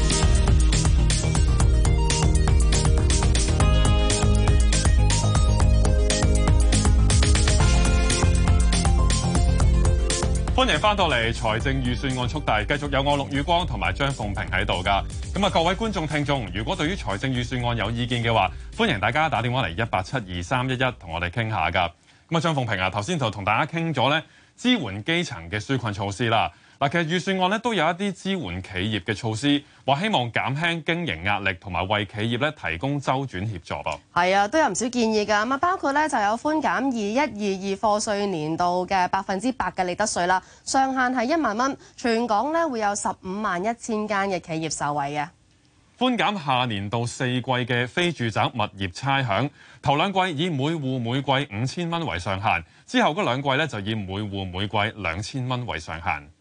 歡迎返到嚟。財政預算案速遞，繼續有我陸宇光同埋張鳳平喺度㗎。咁啊，各位觀眾聽眾，如果對於財政預算案有意見嘅話，歡迎大家打電話嚟一八七二三一一同我哋傾下㗎。咁啊，張鳳平啊，頭先就同大家傾咗咧，支援基層嘅紓困措施啦。嗱，其實預算案咧都有一啲支援企業嘅措施，話希望減輕經營壓力，同埋為企業咧提供周轉協助。係啊，都有唔少建議㗎。啊，包括咧就有寬減二一二二課稅年度嘅百分之百嘅利得稅啦，上限係一萬蚊，全港咧會有十五萬一千間嘅企業受惠嘅。寬減下年度四季嘅非住宅物業差餉，頭兩季以每戶每季五千蚊為上限，之後嗰兩季咧就以每戶每季兩千蚊為上限。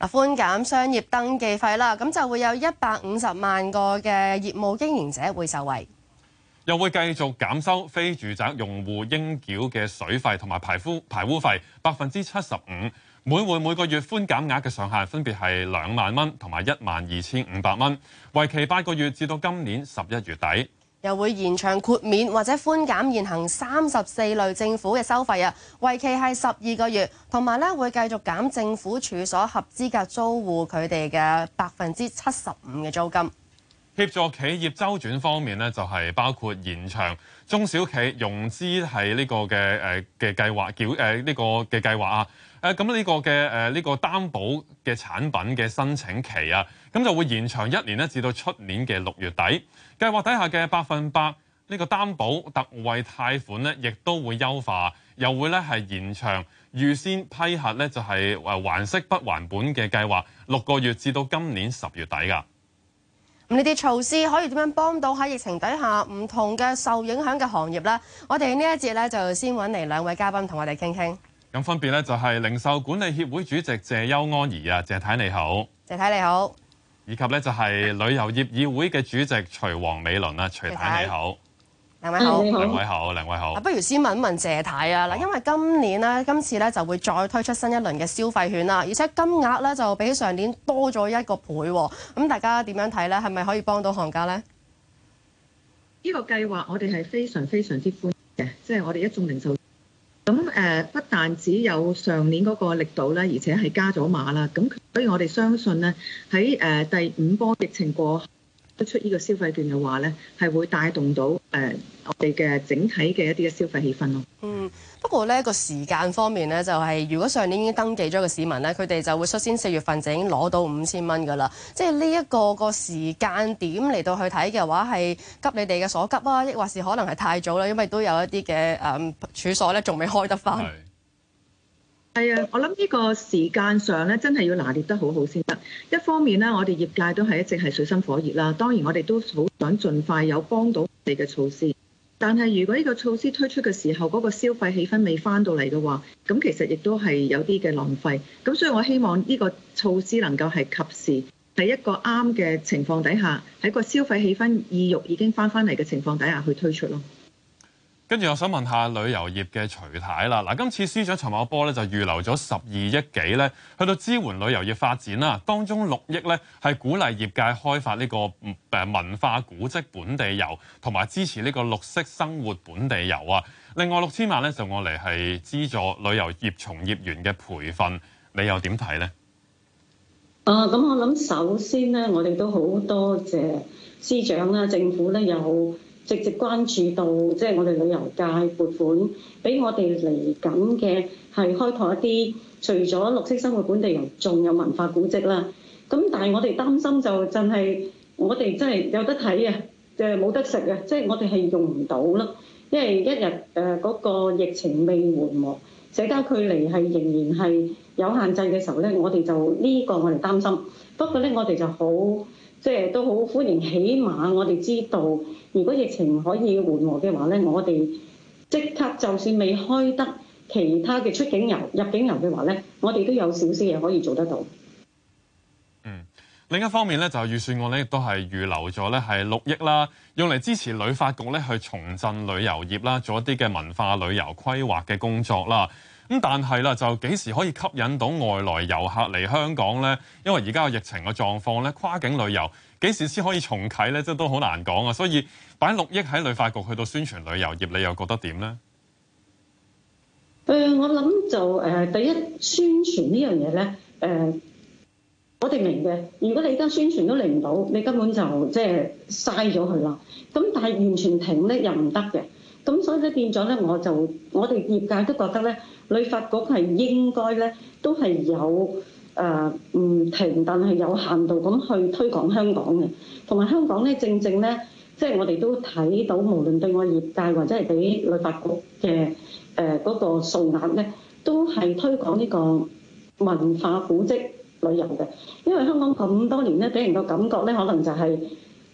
嗱，寬減商業登記費啦，咁就會有一百五十萬個嘅業務經營者會受惠，又會繼續減收非住宅用戶應繳嘅水費同埋排污排污費百分之七十五，每戶每個月寬減額嘅上限分別係兩萬蚊同埋一萬二千五百蚊，為期八個月，至到今年十一月底。又會延長豁免或者寬減現行三十四類政府嘅收費啊，為期係十二個月，同埋咧會繼續減政府處所合資格租戶佢哋嘅百分之七十五嘅租金。協助企業周轉方面咧，就係包括延長。中小企融資係呢個嘅誒嘅計劃叫誒呢、呃這個嘅計劃啊！誒咁呢個嘅誒呢個擔保嘅產品嘅申請期啊，咁就會延長一年咧，至到出年嘅六月底。計劃底下嘅百分百呢、這個擔保特惠貸款咧，亦都會優化，又會咧係延長預先批核咧，就係還息不還本嘅計劃六個月，至到今年十月底噶。咁呢啲措施可以點樣幫到喺疫情底下唔同嘅受影響嘅行業咧？我哋呢一節咧就先揾嚟兩位嘉賓同我哋傾傾。咁分別咧就係、是、零售管理協會主席謝邱安儀啊，謝太，太你好。謝太，太你好。以及咧就係、是、旅遊業議會嘅主席徐王美倫啦，徐太，太，太你好。兩位好，兩位好，兩位好。不如先問問謝太啊。嗱好，因為今年咧，今次咧就會再推出新一輪嘅消費券啦，而且金額咧就比上年多咗一個倍。咁大家點樣睇咧？係咪可以幫到行家咧？呢個計劃我哋係非常非常之歡嘅，即係我哋一眾零售。咁誒，不但只有上年嗰個力度咧，而且係加咗碼啦。咁所以我哋相信咧，喺誒第五波疫情過後，得出呢個消費券嘅話呢，係會帶動到誒、呃、我哋嘅整體嘅一啲嘅消費氣氛咯。嗯，不過呢、呢個時間方面呢就係、是，如果上年已經登記咗嘅市民呢，佢哋就會率先四月份就已經攞到五千蚊㗎啦。即係呢一個、呢個時間點嚟到去睇嘅話，係急你哋嘅所急啊？抑或是可能係太早啦？因為都有一啲嘅誒處所呢，仲未開得返。係啊，我諗呢個時間上咧，真係要拿捏得好好先得。一方面咧，我哋業界都係一直係水深火熱啦。當然，我哋都好想盡快有幫到你嘅措施。但係如果呢個措施推出嘅時候，嗰個消費氣氛未翻到嚟嘅話，咁其實亦都係有啲嘅浪費。咁所以我希望呢個措施能夠係及時，喺一個啱嘅情況底下，喺個消費氣氛意欲已經翻翻嚟嘅情況底下，去推出咯。跟住我想問下旅遊業嘅徐太啦，嗱，今次司長陳茂波咧就預留咗十二億幾咧，去到支援旅遊業發展啦。當中六億咧係鼓勵業界開發呢個誒文化古蹟本地遊，同埋支持呢個綠色生活本地遊啊。另外六千萬咧就用嚟係資助旅遊業從業員嘅培訓，你又點睇咧？誒、呃，咁我諗首先咧，我哋都好多謝司長啦，政府咧有。直接關注到，即係我哋旅遊界撥款，俾我哋嚟緊嘅係開拓一啲，除咗綠色生活、本地遊，仲有文化古蹟啦。咁但係我哋擔心就真係，我哋真係有得睇啊，就係冇得食啊，即係我哋係用唔到咯。因為一日誒嗰個疫情未緩和，社交距離係仍然係有限制嘅時候咧，我哋就呢個我哋擔心。不過咧，我哋就好。即係都好歡迎，起碼我哋知道，如果疫情可以緩和嘅話咧，我哋即刻就算未開得其他嘅出境遊、入境遊嘅話咧，我哋都有少少嘢可以做得到。嗯，另一方面咧，就係預算案咧，亦都係預留咗咧係六億啦，用嚟支持旅發局咧去重振旅遊業啦，做一啲嘅文化旅遊規劃嘅工作啦。咁但係啦，就幾時可以吸引到外來遊客嚟香港咧？因為而家嘅疫情嘅狀況咧，跨境旅遊幾時先可以重啟咧？即係都好難講啊！所以擺六億喺旅發局去到宣傳旅遊業，你又覺得點咧？誒、呃，我諗就誒、呃、第一宣傳呢樣嘢咧，誒、呃、我哋明嘅。如果你而家宣傳都嚟唔到，你根本就即係嘥咗佢啦。咁但係完全停咧又唔得嘅。咁所以咧變咗咧，我就我哋業界都覺得咧，旅發局係應該咧，都係有誒、嗯、呃、唔停，但係有限度咁去推廣香港嘅，同埋香港咧正正咧，即係我哋都睇到，無論對我業界或者係俾旅發局嘅誒嗰個數額咧，都係推廣呢個文化古蹟旅遊嘅，因為香港咁多年咧，俾人個感覺咧，可能就係。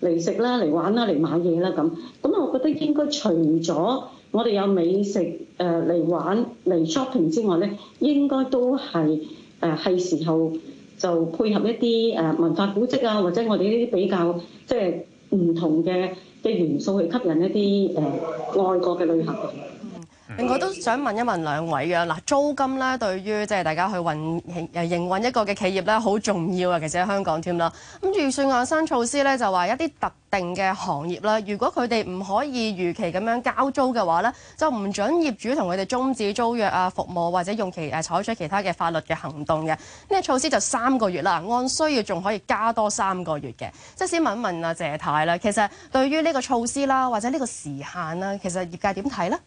嚟食啦，嚟玩啦，嚟買嘢啦咁。咁我覺得應該除咗我哋有美食誒嚟、呃、玩嚟 shopping 之外咧，應該都係誒係時候就配合一啲誒、呃、文化古蹟啊，或者我哋呢啲比較即係唔同嘅嘅元素去吸引一啲誒、呃、外國嘅旅客。另我都想問一問兩位嘅嗱，租金咧對於即係大家去運營營運一個嘅企業咧，好重要啊。其實喺香港添啦，咁預算案新措施咧就話一啲特定嘅行業啦。如果佢哋唔可以如期咁樣交租嘅話咧，就唔准業主同佢哋中止租約啊、服務或者用其誒採取其他嘅法律嘅行動嘅呢、這個措施就三個月啦，按需要仲可以加多三個月嘅。即係先問一問阿謝太啦，其實對於呢個措施啦，或者呢個時限啦，其實業界點睇咧？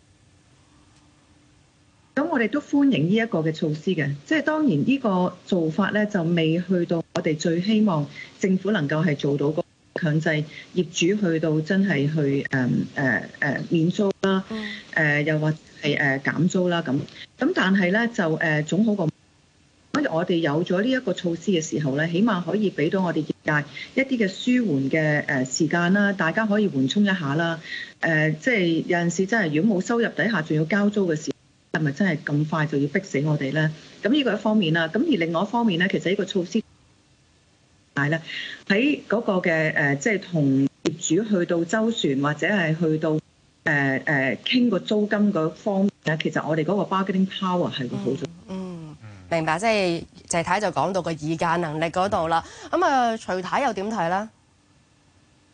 咁我哋都歡迎呢一個嘅措施嘅，即係當然呢個做法咧就未去到我哋最希望政府能夠係做到個強制業主去到真係去誒誒誒免租啦，誒、嗯、又、嗯嗯嗯嗯、或係誒減租啦咁。咁但係咧就誒總好過，所以我哋有咗呢一個措施嘅時候咧，起碼可以俾到我哋業界一啲嘅舒緩嘅誒時間啦，大家可以緩衝一下啦。誒、呃，即、就、係、是、有陣時真係如果冇收入底下，仲要交租嘅時。係咪真係咁快就要逼死我哋咧？咁呢個一方面啦，咁而另外一方面咧，其實呢個措施係咧喺嗰個嘅誒，即係同業主去到周旋或者係去到誒誒傾個租金嗰方面咧，其實我哋嗰個 bargaining power 係個好重。嗯，明白，即係謝太太就講到個議價能力嗰度啦。咁啊、嗯，徐太太又點睇啦？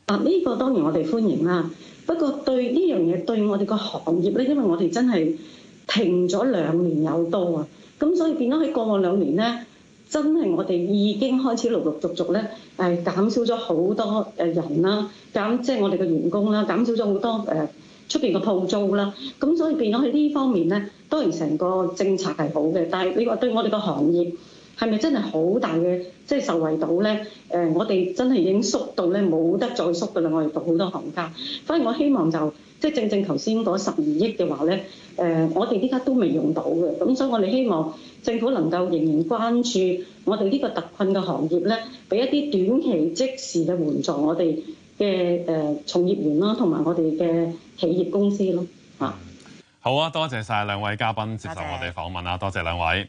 啊，呢、呢個當然我哋歡迎啦。不過對呢樣嘢對我哋個行業咧，因為我哋真係。停咗兩年有多啊，咁所以變咗喺過往兩年咧，真係我哋已經開始陸陸續續咧，誒、哎、減少咗好多誒人啦，減即係我哋嘅員工啦，減少咗好多誒出邊嘅鋪租啦，咁所以變咗喺呢方面咧，當然成個政策係好嘅，但係你話對我哋個行業。係咪真係好大嘅，即係受惠到咧？誒，我哋真係已經縮到咧，冇得再縮噶啦！我哋讀好多行家，反而我希望就即係正正頭先嗰十二億嘅話咧，誒，我哋依家都未用到嘅，咁所以我哋希望政府能夠仍然關注我哋呢個特困嘅行業咧，俾一啲短期即時嘅援助我哋嘅誒從業員啦，同埋我哋嘅企業公司咯。啊，嗯，好啊，多謝晒兩位嘉賓接受我哋訪問啊，多謝，多謝兩位。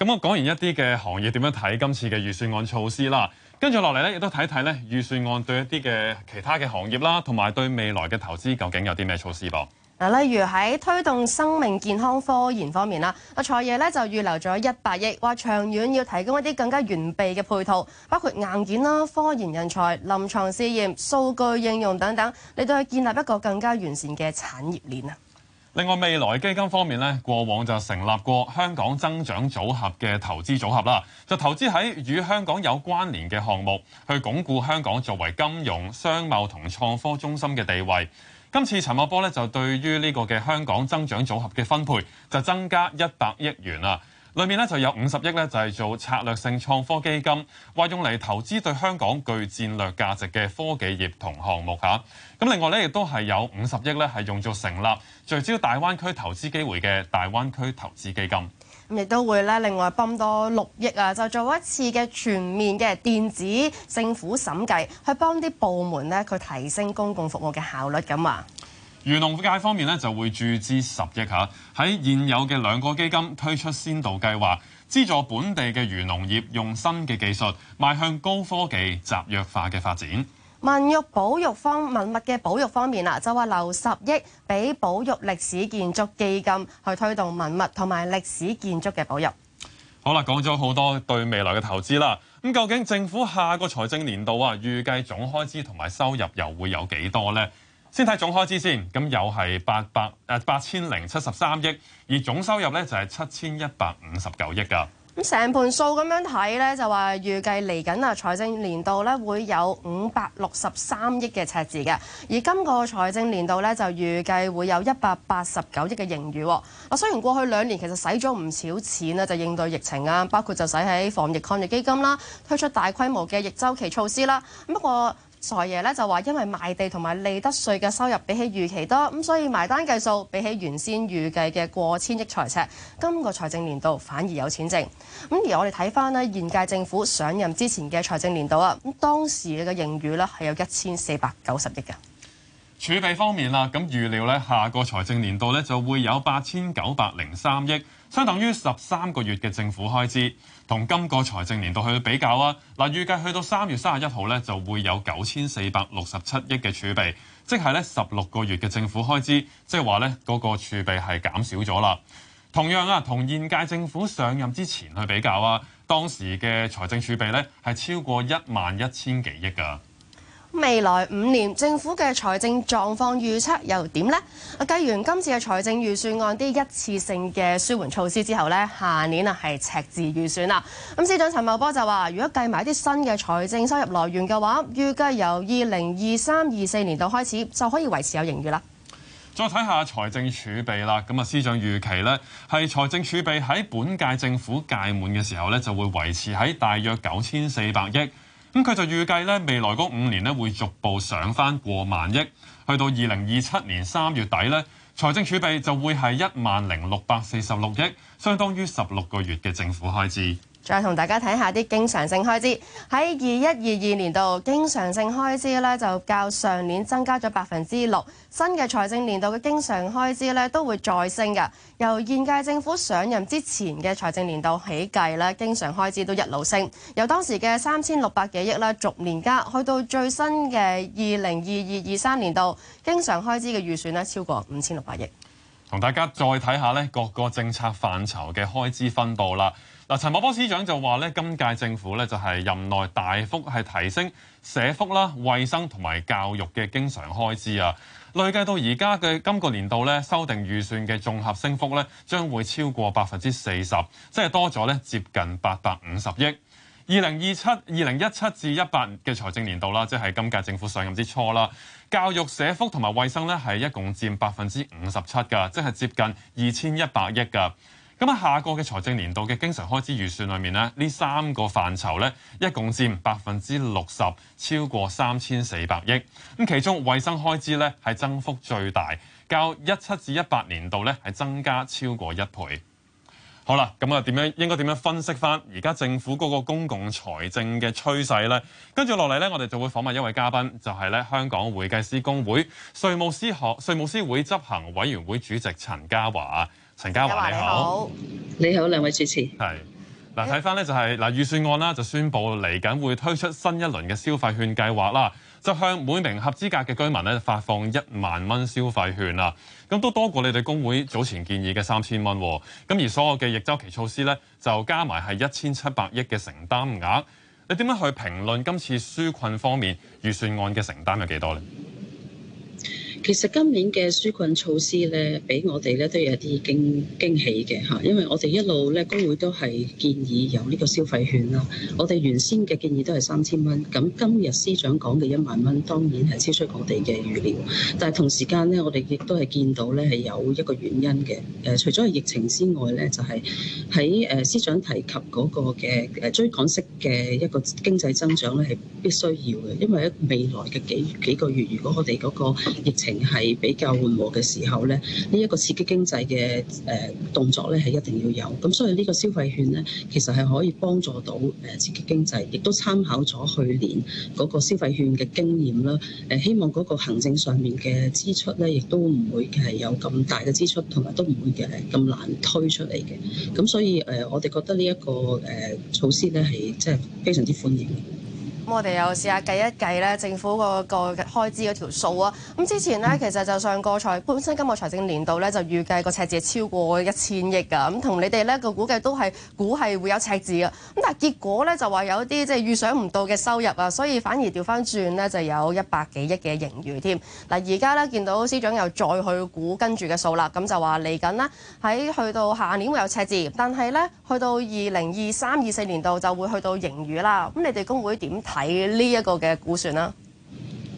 咁我講完一啲嘅行業點樣睇今次嘅預算案措施啦，跟住落嚟咧亦都睇睇咧預算案對一啲嘅其他嘅行業啦，同埋對未來嘅投資究竟有啲咩措施噃？嗱，例如喺推動生命健康科研方面啦，阿財爺咧就預留咗一百億，話長遠要提供一啲更加完備嘅配套，包括硬件啦、科研人才、臨床試驗、數據應用等等，嚟到去建立一個更加完善嘅產業鏈啊！另外，未來基金方面咧，過往就成立過香港增長組合嘅投資組合啦，就投資喺與香港有關聯嘅項目，去鞏固香港作為金融、商貿同創科中心嘅地位。今次陳茂波咧就對於呢個嘅香港增長組合嘅分配，就增加一百億元啦。裏面咧就有五十億咧，就係做策略性創科基金，話用嚟投資對香港具戰略價值嘅科技業同項目嚇。咁另外咧，亦都係有五十億咧，係用作成立聚焦大灣區投資機會嘅大灣區投資基金。咁亦都會咧，另外泵多六億啊，就做一次嘅全面嘅電子政府審計，去幫啲部門咧，去提升公共服務嘅效率咁啊。漁農界方面咧，就會注資十億吓，喺現有嘅兩個基金推出先導計劃，資助本地嘅漁農業用新嘅技術，邁向高科技集約化嘅發展。文育保育方文物嘅保育方面啦，就話留十億俾保育歷史建築基金，去推動文物同埋歷史建築嘅保育。好啦，講咗好多對未來嘅投資啦，咁究竟政府下個財政年度啊，預計總開支同埋收入又會有幾多呢？先睇總開支先，咁又係八百誒八千零七十三億，而總收入咧就係七千一百五十九億㗎。咁成盤數咁樣睇咧，就話預計嚟緊啊財政年度咧會有五百六十三億嘅赤字嘅，而今個財政年度咧就預計會有一百八十九億嘅盈餘。啊，雖然過去兩年其實使咗唔少錢啦，就應對疫情啊，包括就使喺防疫抗疫基金啦，推出大規模嘅逆周期措施啦，咁不過。財爺咧就話，因為賣地同埋利得稅嘅收入比起預期多，咁所以埋單計數比起原先預計嘅過千億財赤，今、這個財政年度反而有錢剩。咁而我哋睇翻呢現屆政府上任之前嘅財政年度啊，咁當時嘅盈餘咧係有一千四百九十億嘅儲備方面啦，咁預料咧下個財政年度咧就會有八千九百零三億，相等於十三個月嘅政府開支。同今個財政年度去比較啊，嗱預計去到三月三十一號咧就會有九千四百六十七億嘅儲備，即係咧十六個月嘅政府開支，即係話咧嗰個儲備係減少咗啦。同樣啊，同現屆政府上任之前去比較啊，當時嘅財政儲備咧係超過一萬一千幾億㗎。未來五年政府嘅財政狀況預測又點呢？計完今次嘅財政預算案啲一次性嘅舒緩措施之後，呢下年啊係赤字預算啦。咁司長陳茂波就話，如果計埋啲新嘅財政收入來源嘅話，預計由二零二三、二四年度開始就可以維持有盈餘啦。再睇下財政儲備啦，咁啊司長預期呢係財政儲備喺本屆政府屆滿嘅時候呢，就會維持喺大約九千四百億。咁佢就預計咧，未來嗰五年咧會逐步上返過萬億，去到二零二七年三月底咧，財政儲備就會係一萬零六百四十六億，相當於十六個月嘅政府開支。再同大家睇下啲經常性開支。喺二一二二年度經常性開支咧，就較上年增加咗百分之六。新嘅財政年度嘅經常開支咧都會再升㗎。由現屆政府上任之前嘅財政年度起計咧，經常開支都一路升，由當時嘅三千六百幾億咧逐年加，去到最新嘅二零二二二三年度經常開支嘅預算呢，超過五千六百億。同大家再睇下呢，各個政策範疇嘅開支分佈啦。嗱，陳茂波司長就話咧，今屆政府咧就係任內大幅係提升社福啦、衞生同埋教育嘅經常開支啊。累計到而家嘅今個年度咧，修訂預算嘅綜合升幅咧，將會超過百分之四十，即係多咗咧接近八百五十億。二零二七、二零一七至一八嘅財政年度啦，即係今屆政府上任之初啦，教育社福同埋衞生咧係一共佔百分之五十七㗎，即係接近二千一百億㗎。咁啊，下個嘅財政年度嘅經常開支預算裏面咧，呢三個範疇咧，一共佔百分之六十，超過三千四百億。咁其中，衞生開支咧係增幅最大，較一七至一八年度咧係增加超過一倍。好啦，咁啊，點樣應該點樣分析翻而家政府嗰個公共財政嘅趨勢呢？跟住落嚟咧，我哋就會訪問一位嘉賓，就係咧香港會計師公會稅務師學稅務師會執行委員會主席陳嘉華。陳家華你好，你好兩位主持，係嗱，睇翻咧就係嗱預算案啦，就宣佈嚟緊會推出新一輪嘅消費券計劃啦，就向每名合資格嘅居民咧發放一萬蚊消費券啦。咁都多過你哋工會早前建議嘅三千蚊喎。咁而所有嘅逆周期措施咧就加埋係一千七百億嘅承擔額。你點樣去評論今次紓困方面預算案嘅承擔有幾多咧？其實今年嘅紓困措施咧，俾我哋咧都有啲驚驚喜嘅嚇，因為我哋一路咧公會都係建議有呢個消費券啦。我哋原先嘅建議都係三千蚊，咁今日司長講嘅一萬蚊當然係超出我哋嘅預料，但係同時間呢，我哋亦都係見到咧係有一個原因嘅。誒、呃，除咗係疫情之外咧，就係喺誒司長提及嗰個嘅誒追趕式嘅一個經濟增長咧係必須要嘅，因為喺未來嘅幾幾個月，如果我哋嗰個疫情，係比較緩和嘅時候咧，呢一個刺激經濟嘅誒動作咧係一定要有，咁所以呢個消費券咧其實係可以幫助到誒刺激經濟，亦都參考咗去年嗰個消費券嘅經驗啦。誒希望嗰個行政上面嘅支出咧，亦都唔會係有咁大嘅支出，同埋都唔會嘅咁難推出嚟嘅。咁所以誒，我哋覺得呢一個誒措施咧係即係非常之歡迎。咁、嗯嗯、我哋又試下計一計咧，政府個個開支嗰條數啊！咁之前呢，其實就上個財本身今個財政年度咧就預計個赤字超過一千億㗎，咁同你哋呢個估計都係估係會有赤字啊。咁但係結果咧就話有啲即係預想唔到嘅收入啊，所以反而調翻轉呢，就有一百幾億嘅盈餘添。嗱，而家咧見到司長又再去估跟住嘅數啦，咁就話嚟緊咧喺去到下年會有赤字，但係咧去到二零二三二四年度就會去到盈餘啦。咁你哋公會點睇？喺呢一個嘅估算啦。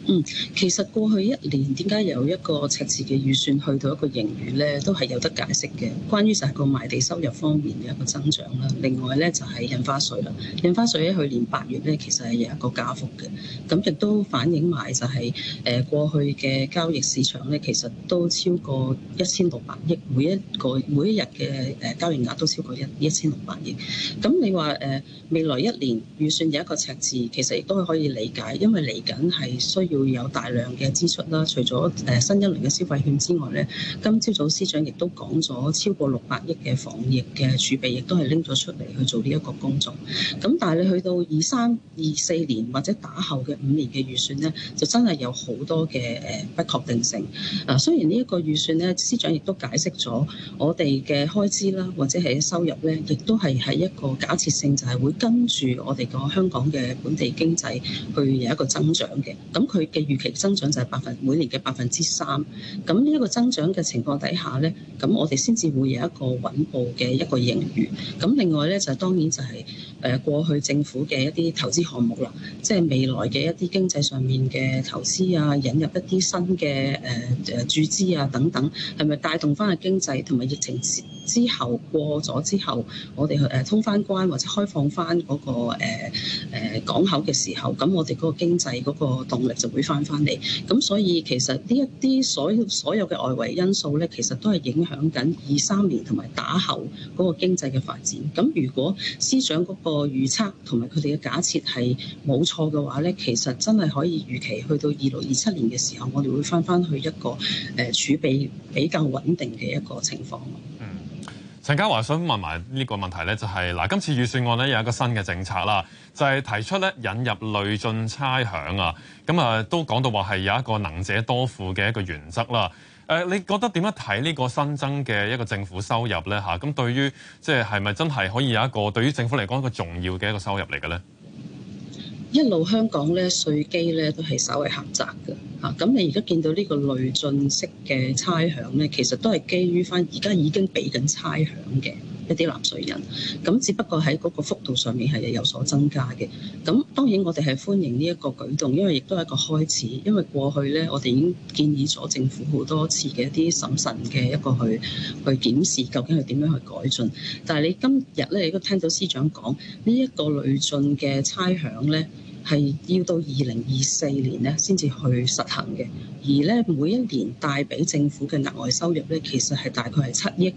嗯，其實過去一年點解有一個赤字嘅預算去到一個盈餘呢？都係有得解釋嘅。關於就係個賣地收入方面嘅一個增長啦，另外呢，就係、是、印花稅啦。印花稅喺去年八月呢，其實係有一個加幅嘅，咁亦都反映埋就係、是、誒、呃、過去嘅交易市場呢，其實都超過一千六百億，每一個每一日嘅誒交易額都超過一一千六百億。咁你話誒、呃、未來一年預算有一個赤字，其實亦都可以理解，因為嚟緊係需要有大量嘅支出啦，除咗誒、呃、新一輪嘅消費券之外咧，今朝早，早司長亦都講咗超過六百億嘅防疫嘅儲備，亦都係拎咗出嚟去做呢一個工作。咁但係你去到二三、二四年或者打後嘅五年嘅預算咧，就真係有好多嘅誒、呃、不確定性。啊，雖然呢一個預算咧，司長亦都解釋咗我哋嘅開支啦，或者係收入咧，亦都係喺一個假設性，就係會跟住我哋個香港嘅本地經濟去有一個增長嘅。咁佢嘅預期增長就係百分每年嘅百分之三，咁呢一個增長嘅情況底下咧，咁我哋先至會有一個穩步嘅一個盈餘。咁另外咧就當然就係誒過去政府嘅一啲投資項目啦，即係未來嘅一啲經濟上面嘅投資啊，引入一啲新嘅誒誒注資啊等等，係咪帶動返嘅經濟同埋疫情？之後過咗之後，我哋去誒、呃、通翻關或者開放翻嗰、那個誒、呃呃、港口嘅時候，咁我哋嗰個經濟嗰個動力就會翻翻嚟。咁所以其實呢一啲所有所有嘅外圍因素咧，其實都係影響緊二三年同埋打後嗰個經濟嘅發展。咁如果司長嗰個預測同埋佢哋嘅假設係冇錯嘅話咧，其實真係可以預期去到二六二七年嘅時候，我哋會翻翻去一個誒、呃、儲備比較穩定嘅一個情況。嗯。陳家華想問埋呢個問題咧，就係嗱，今次預算案咧有一個新嘅政策啦，就係提出咧引入累進差餉啊，咁啊都講到話係有一個能者多富嘅一個原則啦。誒，你覺得點樣睇呢個新增嘅一個政府收入咧？嚇，咁對於即係係咪真係可以有一個對於政府嚟講一個重要嘅一個收入嚟嘅咧？一路香港咧稅基咧都係稍微狹窄㗎嚇，咁、啊、你而家見到個呢個累進式嘅差餉咧，其實都係基於翻而家已經俾緊差餉嘅一啲納稅人，咁、啊、只不過喺嗰個幅度上面係有所增加嘅。咁、啊、當然我哋係歡迎呢一個舉動，因為亦都係一個開始。因為過去咧我哋已經建議咗政府好多次嘅一啲審慎嘅一個去去檢視究竟係點樣去改進。但係你今日咧亦都聽到司長講、這個、呢一個累進嘅差餉咧。係要到二零二四年咧，先至去實行嘅。而咧每一年帶俾政府嘅額外收入咧，其實係大概係七億。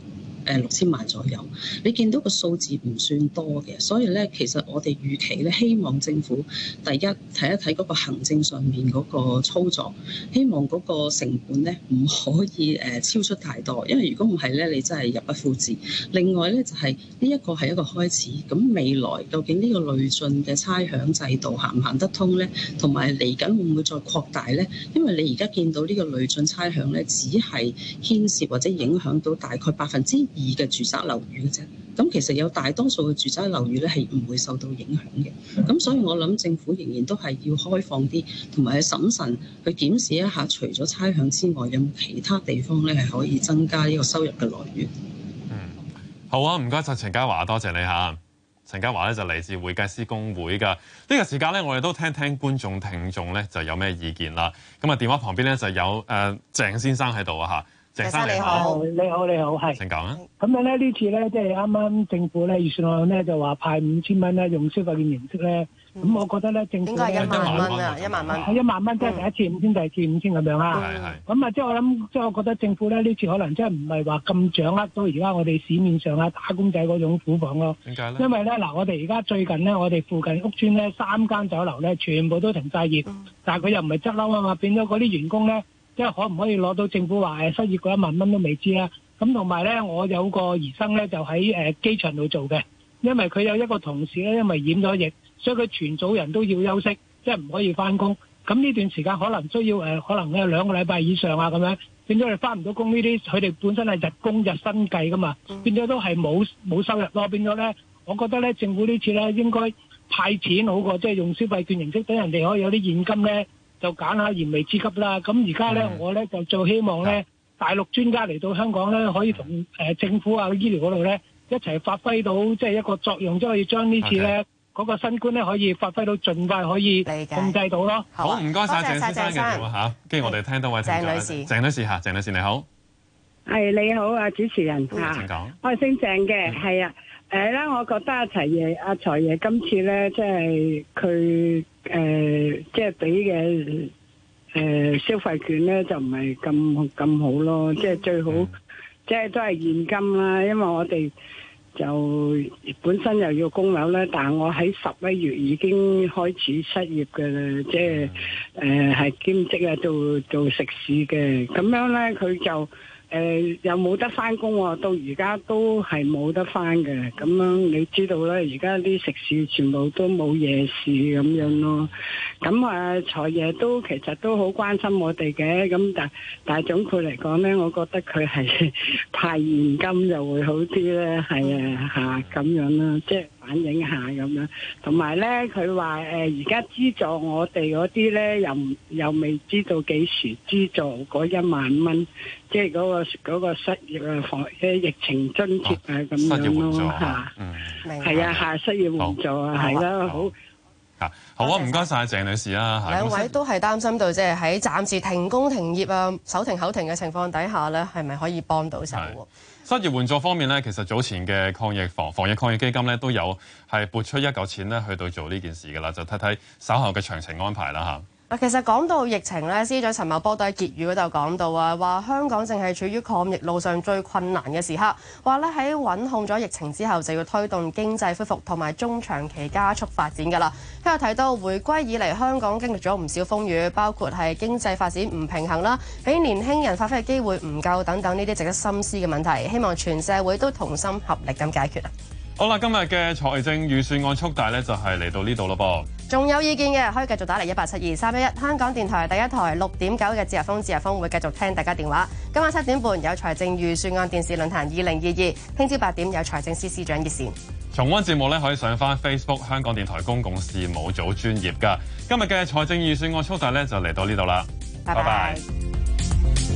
誒、呃、六千萬左右，你見到個數字唔算多嘅，所以咧其實我哋預期咧希望政府第一睇一睇嗰個行政上面嗰個操作，希望嗰個成本咧唔可以誒、呃、超出太多，因為如果唔係咧你真係入不敷支。另外咧就係呢一個係一個開始，咁未來究竟呢個累進嘅差餉制度行唔行得通咧？同埋嚟緊會唔會再擴大咧？因為你而家見到呢個累進差餉咧，只係牽涉或者影響到大概百分之。二嘅住宅樓宇嘅，啫，咁其實有大多數嘅住宅樓宇咧係唔會受到影響嘅，咁所以我諗政府仍然都係要開放啲，同埋去審慎去檢視一下，除咗差餉之外，有冇其他地方咧係可以增加呢個收入嘅來源。嗯，好啊，唔該晒。陳家華，多謝你吓、啊。陳家華咧就嚟自會計師公會噶呢個時間咧，我哋都聽聽觀眾聽眾咧就有咩意見啦。咁啊，電話旁邊咧就有誒鄭先生喺度啊吓。謝生你，你好，你好你好，係。請講啊。咁樣咧，呢次咧，即係啱啱政府咧預算案咧就話派五千蚊咧，用消費券形式咧。咁、嗯嗯、我覺得咧，政府係一萬蚊啊，一萬蚊。係一萬蚊，嗯、即係第一次五千，第二次五千咁樣啦。係係、嗯。咁啊、嗯，即係我諗，即係我覺得政府咧呢次可能即係唔係話咁掌握到而家我哋市面上啊打工仔嗰種苦況咯。點解咧？因為咧嗱，我哋而家最近咧，我哋附近屋邨咧三間酒樓咧全部都停曬業，嗯、但係佢又唔係執笠啊嘛，變咗嗰啲員工咧。即係可唔可以攞到政府話誒失業嗰一萬蚊都未知啦，咁同埋咧，我有個兒生咧就喺誒機場度做嘅。因為佢有一個同事咧，因為染咗疫，所以佢全組人都要休息，即係唔可以翻工。咁呢段時間可能需要誒、呃，可能咧兩個禮拜以上啊咁樣，變咗佢翻唔到工呢啲，佢哋本身係日工日薪計噶嘛，變咗都係冇冇收入咯。變咗咧，我覺得咧政府呢次咧應該派錢好過，即係用消費券形式畀人哋可以有啲現金咧。就揀下燃眉之急啦。咁而家咧，我咧就最希望咧，的大陸專家嚟到香港咧，可以同誒政府啊、醫療嗰度咧，一齊發揮到即係一個作用，即係可以將次呢次咧嗰個新冠咧，可以發揮到盡快可以控制到咯。好、啊，唔該晒鄭先生嘅嚇。跟住、嗯、我哋聽到位聽眾。鄭女士，鄭女士嚇，鄭女士你好。係你好啊，主持人。歡迎講、嗯、我係姓鄭嘅，係、嗯、啊。誒啦、嗯，我覺得阿財爺，阿財爺今次咧，即係佢誒，即係俾嘅誒消費券咧，就唔係咁咁好咯。即係最好，嗯、即係都係現金啦。因為我哋就本身又要供樓咧，但我喺十一月已經開始失業嘅啦，嗯、即係誒係兼職啊，做做食肆嘅，咁樣咧佢就。誒、呃，又冇得翻工喎，到而家都係冇得翻嘅。咁樣、啊、你知道啦，而家啲食肆全部都冇夜市咁樣咯。咁啊，財爺、啊、都其實都好關心我哋嘅。咁但但總括嚟講呢，我覺得佢係派現金就會好啲咧。係啊，吓咁樣啦、啊，即係。反映下咁樣，同埋咧佢話誒，而家資助我哋嗰啲咧，又又未知道幾時資助嗰一萬蚊，即係嗰個嗰個失業啊，疫情津貼啊咁樣咯嚇。係啊，下失業援助係啦，好。嗱，好啊，唔該晒。鄭女士啊，兩位都係擔心到，即係喺暫時停工停業啊、手停口停嘅情況底下咧，係咪可以幫到手？失業援助方面咧，其實早前嘅抗疫防防疫抗疫基金咧，都有係撥出一嚿錢去到做呢件事嘅啦，就睇睇稍後嘅詳情安排啦嚇。嗱，其實講到疫情咧，司長陳茂波都喺結語嗰度講到啊，話香港正係處於抗疫路上最困難嘅時刻，話咧喺穩控咗疫情之後，就要推動經濟恢復同埋中長期加速發展㗎啦。佢又提到回歸以嚟，香港經歷咗唔少風雨，包括係經濟發展唔平衡啦，俾年輕人發揮嘅機會唔夠等等呢啲值得深思嘅問題，希望全社會都同心合力咁解決。好啦，今日嘅財政預算案速遞咧，就係嚟到呢度咯噃。仲有意見嘅，可以繼續打嚟一八七二三一一。香港電台第一台六點九嘅自由風，自由風會繼續聽大家電話。今晚七點半有財政預算案電視論壇二零二二，聽朝八點有財政司司長熱線。重溫節目咧，可以上翻 Facebook 香港電台公共事務組專頁噶。今日嘅財政預算案速遞咧，就嚟到呢度啦。拜拜 bye。Bye bye